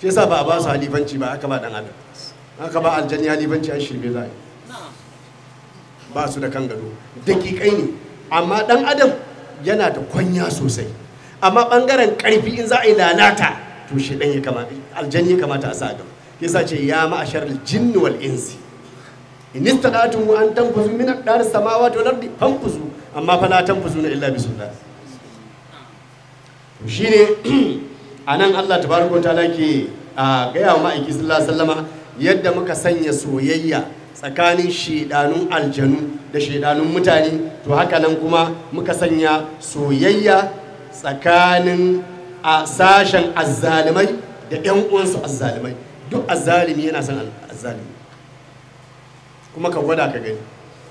ce yasa ba a ba su halifanci ba aka ba ɗan adam aka ba aljani halifanci an shirme za a yi ba su da kan gado dakikai ne amma ɗan adam yana da kwanya sosai amma bangaren karfi in za a yi lalata to shi dan ya aljan ya kamata a sa gaba sa ce ya ma'ashar jinn wal insi in istata'tum an tanfuzu min aqdar samawati wal ardi fanfuzu amma fa la na illa bi sunnah to ne *clears throat* anan Allah tabaraka wa ta'ala ke a gaya wa ma'aiki sallallahu alaihi wasallama yadda muka sanya soyayya tsakanin shedanun aljanu da shedanun mutane to haka nan kuma muka sanya soyayya tsakanin a sashen azzalimai da 'yan uwansu azzalimai duk azzalimi yana son azzalimi kuma ka gwada ka gani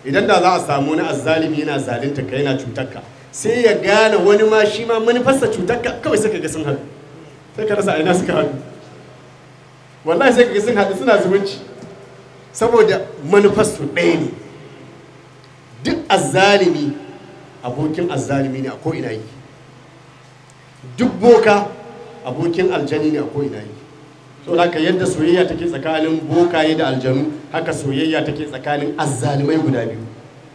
idan da za a samu wani azzalimi yana zalinta ka yana cutarka sai ya gane wani ma shi ma manifasta cutarka kawai sai ka ga sun haɗu sai ka rasa aina suka haɗu wallahi sai ka ga sun haɗu suna zumunci saboda manifasta ɗaya ne duk azzalimi abokin azzalimi ne a ko'ina yi. yake duk boka abokin aljani ne a ko'ina yi so haka yadda soyayya take tsakanin bokaye da aljanu haka soyayya take tsakanin azzalimai guda biyu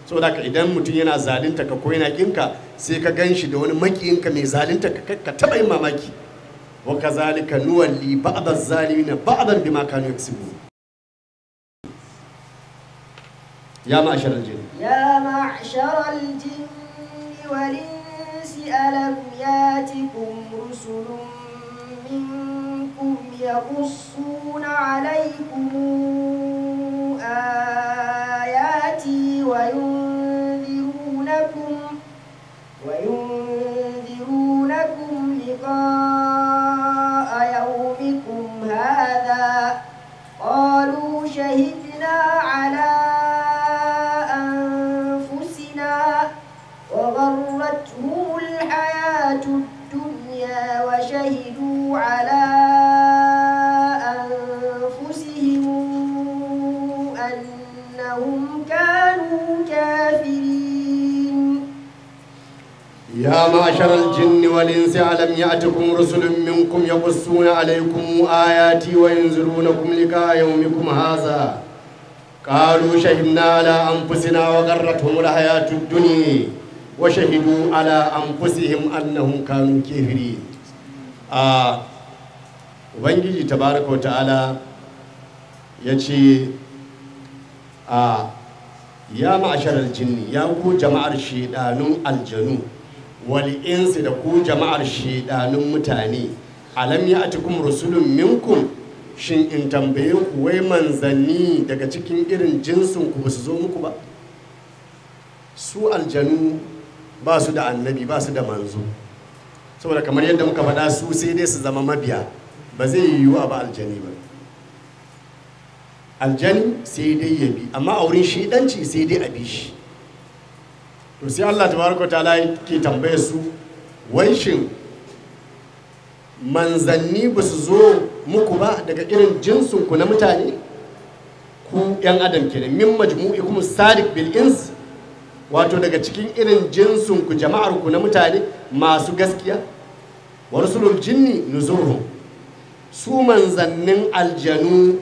so haka idan mutum yana zalinta ka ko yana kinka sai ka gan shi da wani makiyinka mai zalunta ka ka taba yin mamaki wa zalika nuwalli ba'd az-zalimin ba'dan bima kanu yaksubun ya ma'shar ya ألم ياتكم رسل منكم يقصون عليكم آياتي وينذرونكم وينذرونكم لقاء يومكم هذا قالوا شهدنا على الحياة الدنيا وشهدوا على أنفسهم أنهم كانوا كافرين يا معشر الجن والإنس ألم يأتكم رسل منكم يقصون عليكم آياتي وينزلونكم لقاء يومكم هذا قالوا شهدنا على أنفسنا وغرتهم الحياة الدنيا wa shahidu ala anfusihim annahum kanu kafirin a ubangiji tabaraka wa ta'ala ya ce a ya ma'ashar aljinni ya ku jama'ar shedanun aljanu wani insi da ku jama'ar shedanun mutane alam ya atikum rasulun minku? shin in tambaye ku wai manzanni daga cikin irin jinsinku ku ba su zo muku ba su aljanu ba su da annabi ba su da manzo saboda kamar yadda muka faɗa su sai dai su zama mabiya ba zai yi yiwuwa ba aljani ba aljani sai dai ya bi amma a wurin shidanci sai dai a bi shi to sai Allah ta tabaraka ta'ala ke tambaye su wai shin manzanni ba su zo muku ba daga irin jinsun ku na mutane ku yan adam kenan min kuma sadiq bil insi wato daga cikin irin jinsun ku jama'ar ku na mutane masu gaskiya wa rusulul jinni nuzurhum su manzannin aljanu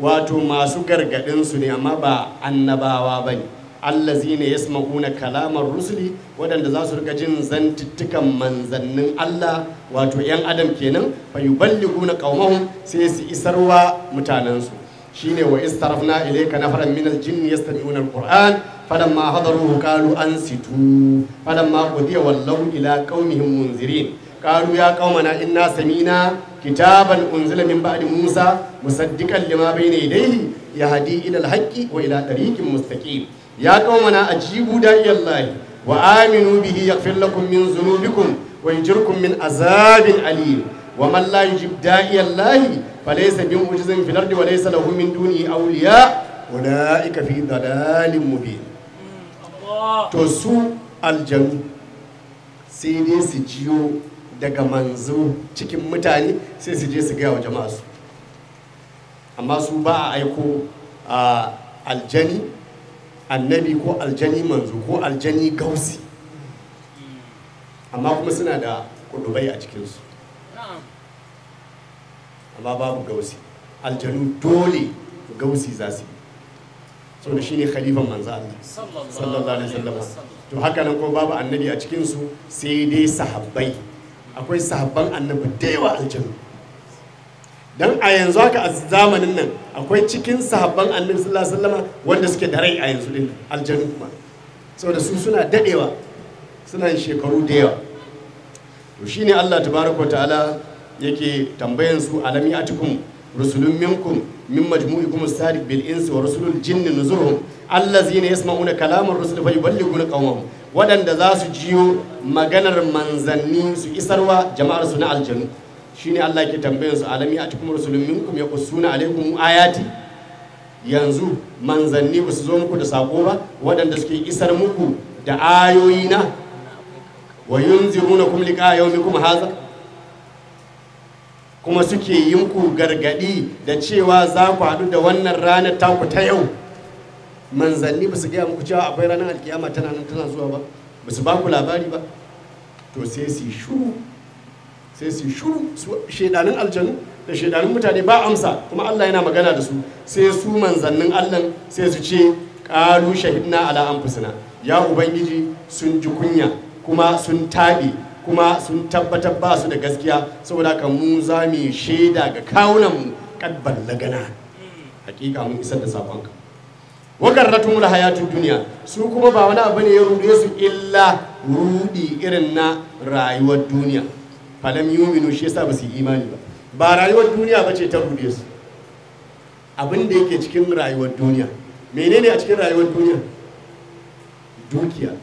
wato masu gargadin su ne amma ba annabawa bane allazina yasma'una kalamar rusuli waɗanda za su rika jin zantuttukan manzannin Allah wato yan adam kenan fa yuballighuna qaumahum sai su isarwa mutanensu shine wa istarafna ilayka nafaran min aljinni yastami'una alquran فلما حضروه قالوا أنصتوا فلما قضي ولوا إلى قومهم منذرين قالوا يا قومنا إنا سمينا كتابا أنزل من بعد موسى مصدقا لما بين يديه يهدي إلى الحق وإلى طريق مستقيم يا قومنا أجيبوا داعي الله وآمنوا به يغفر لكم من ذنوبكم ويجركم من عذاب أليم ومن لا يجيب داعي الله فليس بمعجز في الأرض وليس له من دونه أولياء أولئك في ضلال مبين to su aljanu sai ne su jiyo daga manzo cikin mutane sai su je su gaya wa jama'a su amma su ba a aiko a aljani annabi ko aljani manzo ko aljani gausi amma kuma suna da kudubai a cikinsu amma babu gausi aljanu dole gausi za su yi saboda shine khalifan manzo Allah sallallahu alaihi wasallam to haka nan ko babu annabi a cikin su sai dai sahabbai akwai sahabban annabi da yawa aljanna dan a yanzu haka a zamanin nan akwai cikin sahabban annabi sallallahu alaihi wasallam wanda suke da rai a yanzu din aljanna kuma saboda su suna dadewa suna shekaru da yawa to shine Allah tabaraka ta'ala yake tambayan su alami atikum rusulun minkum min majmu'ikum as-sadiq bil insi wa rusulul jinni nuzurhum allazina yasma'una kalamar rusul fa yuballighuna qawmahum waɗanda za su jiyo maganar manzanni su isarwa jama'ar su na aljanu shine Allah ke tambayan su alami cikin rusulun minkum yaqussuna alaykum ayati yanzu manzanni ba su zo muku da sako ba waɗanda suke isar muku da ayoyi na wa yunzirunakum liqa yawmikum hadha kuma suke yin ku gargadi da cewa za ku haɗu da wannan ranar taku ta yau manzanni ba su gaya muku cewa akwai ranar alkiyama tana nan tana zuwa ba ba su ba ku labari ba to sai su shuru sai su shuru su shedanin aljanu da shedanin mutane ba amsa kuma Allah yana magana da su sai su manzannin Allah sai su ce qalu shahidna ala anfusina ya ubangiji sun ji kunya kuma sun taɓe kuma sun tabbatar ba su da gaskiya saboda haka mu za mu shaida ga mu kabbal lagana hakika mun isar da ka. wakar ratun hayatu duniya su kuma ba wani abu ne ya rude su illa rudi irin na rayuwar duniya falam yuminu shi yasa ba su yi imani ba ba rayuwar duniya ba ta rude su abin da yake cikin rayuwar duniya menene a cikin rayuwar duniya dukiya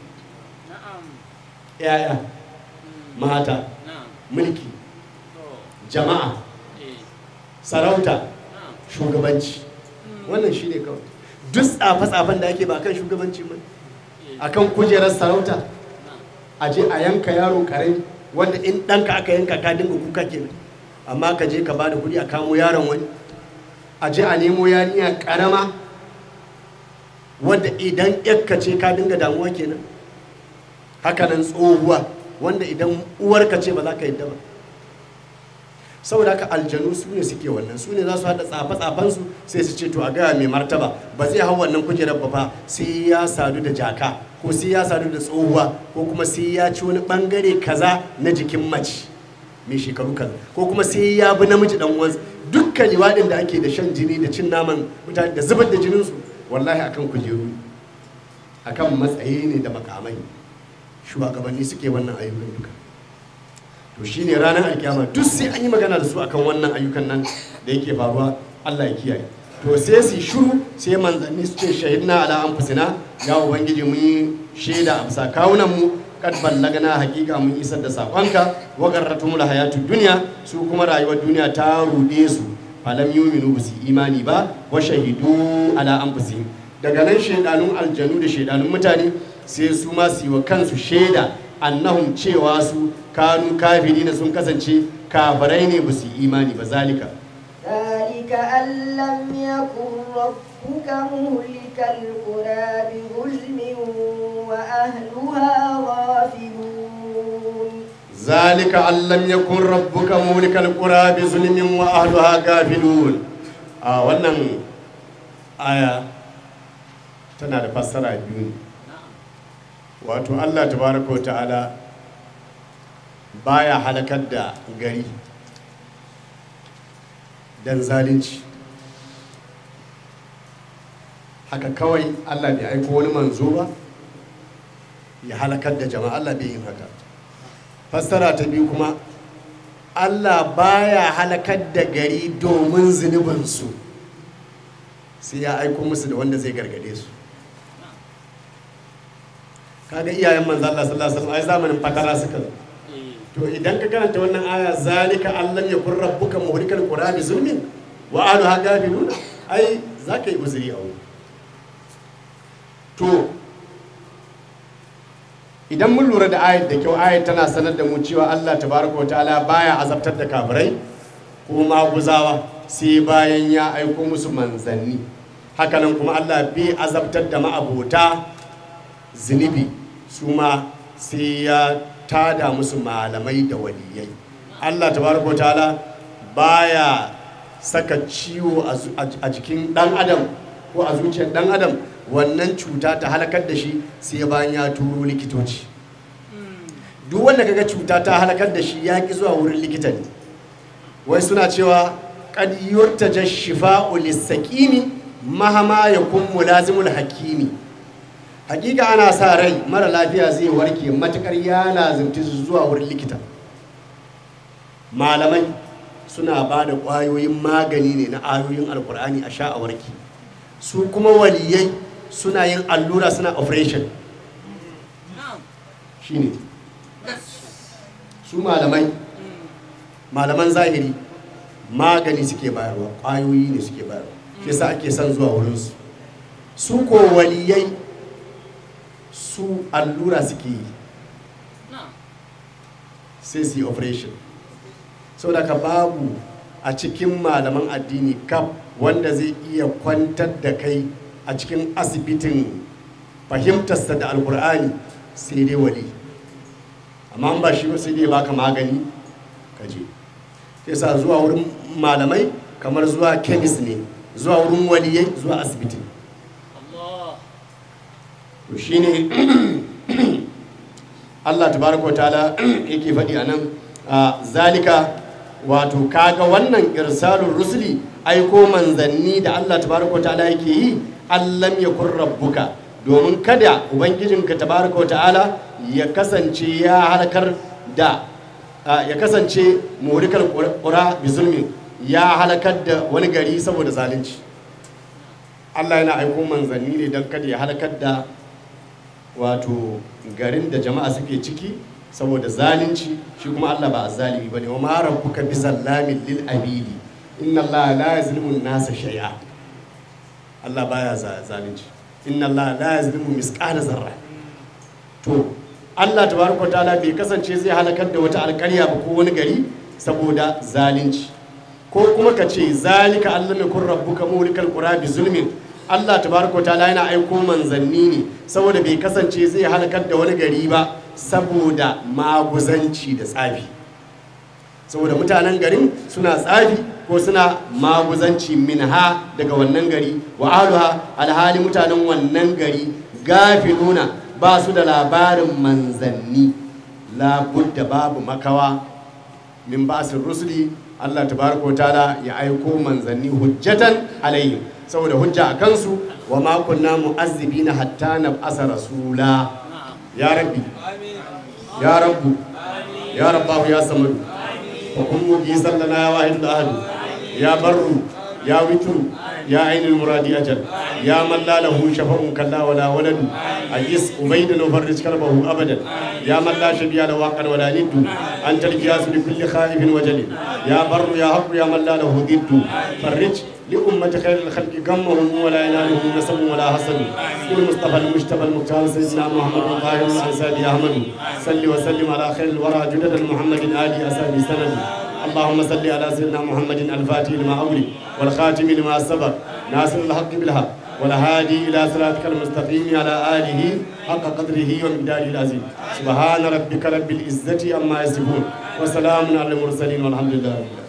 yaya mata mulki jama'a sarauta shugabanci wannan shi ne kawai duk tsafe-tsafen da ake ba kan shugabanci mai a kan kujerar sarauta a je a yanka yaro kare wanda in ɗanka aka yanka ka dinga kuka ke amma ka je ka ba da kuɗi a kamo yaron wani a je a nemo yariya ƙarama wadda idan ƴakka ce ka dinga damuwa kenan nan tsohuwa wanda idan uwarka ce ba za ka yadda ba saboda haka aljanu su ne suke wannan su ne za su haɗa tsafe tsafansu sai su ce to a gaya mai martaba ba zai hau wannan kujerar ba sai ya sadu da jaka ko sai ya sadu da tsohuwa ko kuma sai ya ci wani bangare kaza na jikin mace mai shekaru kaza ko kuma sai ya bi namiji dan wasu dukkan liwadin da ake da shan jini da cin naman mutane da zubar da jininsu wallahi akan kujeru akan matsayi ne da makamai shugabanni suke wannan ayyukan duka to shine ranar alkiyama duk sai an yi magana da su akan wannan ayyukan nan da yake faruwa Allah ya kiyaye to sai su shiru sai manzanni su ce shahidna ala anfusina ya ubangiji mun yi shaida a bisa kawunan mu kad ballagana hakika mun isar da sakonka wa garratumul hayatu dunya su kuma rayuwar duniya ta rude su falam yuminu bi imani ba wa shahidu ala anfusihim daga nan shedanun aljanu da shedanun mutane sai su ma su yi wa kansu shaida annahum cewa su kanu na sun kasance kafirai ne ba su yi imani ba zalika ذلك أن لم يكن ربك مهلك القرى بظلم وأهلها غافلون ذلك أن لم يكن ربك مهلك القرى بظلم وأهلها غافلون آه wannan aya tana da fassara biyu wato allah tabaraka ta'ala baya halakar da gari don zalunci haka kawai allah bai aiko wani manzo ba ya halakar da jama'a allah bai yin haka fassara ta biyu kuma allah baya halakar da gari domin zunubinsu sai ya aiko musu da wanda zai gargade su kaga iyayen manzo Allah sallallahu alaihi wasallam ai zamanin fatara suka to idan ka karanta wannan aya zalika allam yakun rabbuka muhlikal qura bi zulmin wa ahlu gafilun ai zaka yi uzuri a wuri to idan mun lura da ayat da kyau ayat tana sanar da mu cewa Allah tabaraka wa ta'ala baya azabtar da kafirai ko maguzawa sai bayan ya aiko musu manzanni hakanan kuma Allah bai azabtar da abota zunubi su ma sai ya tada musu malamai da waliyai Allah ta tabaraka ta'ala baya saka ciwo a jikin dan adam ko a zuciyar dan adam wannan cuta ta halakar da shi sai ya bayan ya turo likitoci hmm. duk wanda kaga cuta ta halakar da shi ya ki zuwa wurin likita ne wai suna cewa kad yurtaja shifa'u lis mahama yakun mulazimul hakimi hakika ana sa rai mara lafiya zai warke matukar ya lazimci zuwa wurin likita malamai suna ba da ƙwayoyin magani ne na ayoyin alkur'ani a sha a warke su kuma waliyai suna yin allura suna operation shi ne su malamai malaman zahiri magani suke bayarwa ƙwayoyi ne suke bayarwa shi sa ake son zuwa wurinsu su ko waliyai su allura suke yi sai su yi operation saboda ka babu a cikin malaman addini kaf wanda zai iya kwantar da kai a cikin asibitin fahimtarsa da alkur'ani sai dai wali amma ba shi ba sai dai baka magani ka je sa zuwa wurin malamai kamar zuwa kemis ne zuwa wurin waliyai zuwa asibiti to shine *coughs* Allah tabaraka ta'ala *coughs* yake faɗi anan zalika wato kaga wannan irsalun rusuli aiko manzanni da Allah tabaraka ta'ala yake yi allam yakun rabbuka domin kada ubangijinka tabaraka ta'ala ya kasance ya halakar da ya kasance morikar ƙura zulmi ya halakar da wani gari saboda zalunci Allah yana aiko manzanni ne don kada ya halakar da wato garin da jama'a suke ciki saboda zalunci shi kuma Allah ba azzalimi bane wa ma rabbuka zallamin lil abidi inna Allah la yazlimu an-nasa shay'a Allah baya zalunci inna Allah la yazlimu misqala zarra to Allah tabaraka ta'ala bai kasance zai halakar da wata alƙarya ba ko wani gari saboda zalunci ko kuma ka ce zalika allamin kun rabbuka mulikal qura bi zulmin Allah tabaraka ta'ala yana aiko manzanni ne saboda bai kasance zai halakar da wani gari ba saboda maguzanci da tsafi saboda mutanen garin suna tsafi ko suna maguzanci minha daga wannan gari wa aluha alhali mutanen wannan gari gafiluna ba su da labarin manzanni labudda babu makawa min ba'sir rusuli Allah tabaraka ta'ala ya aiko manzanni hujjatan alaihim saboda hujja a kansu wa ma kunna mu'azzibina hatta nab'asa rasula ya rabbi ya rabbu ya rabbahu ya samadu wa kullu bi sallana ya wahid ahad ya barru ya witru ya ainul muradi ajal ya man la lahu shafa'un kalla wala walad ajis ubaydun farij kalbahu abadan ya man la shabiya la waqan wala niddu anta al-jiyas bi kulli khaifin wajal ya barru ya haqqu ya man la lahu diddu farij لأمة خير الخلق قمهم ولا إلههم نسب ولا حسد للمصطفى المجتبى المختار سيدنا محمد القائم على الأنسابي أحمد صل وسلم على خير الورى جدد محمد آلي أسابي سند اللهم صل على سيدنا محمد الفاتح لما أولي والخاتم لما سبق ناصر الحق بالها والهادي إلى صراطك المستقيم على آله حق قدره ومقداره العزيز سبحان ربك رب العزة عما يصفون وسلام على المرسلين والحمد لله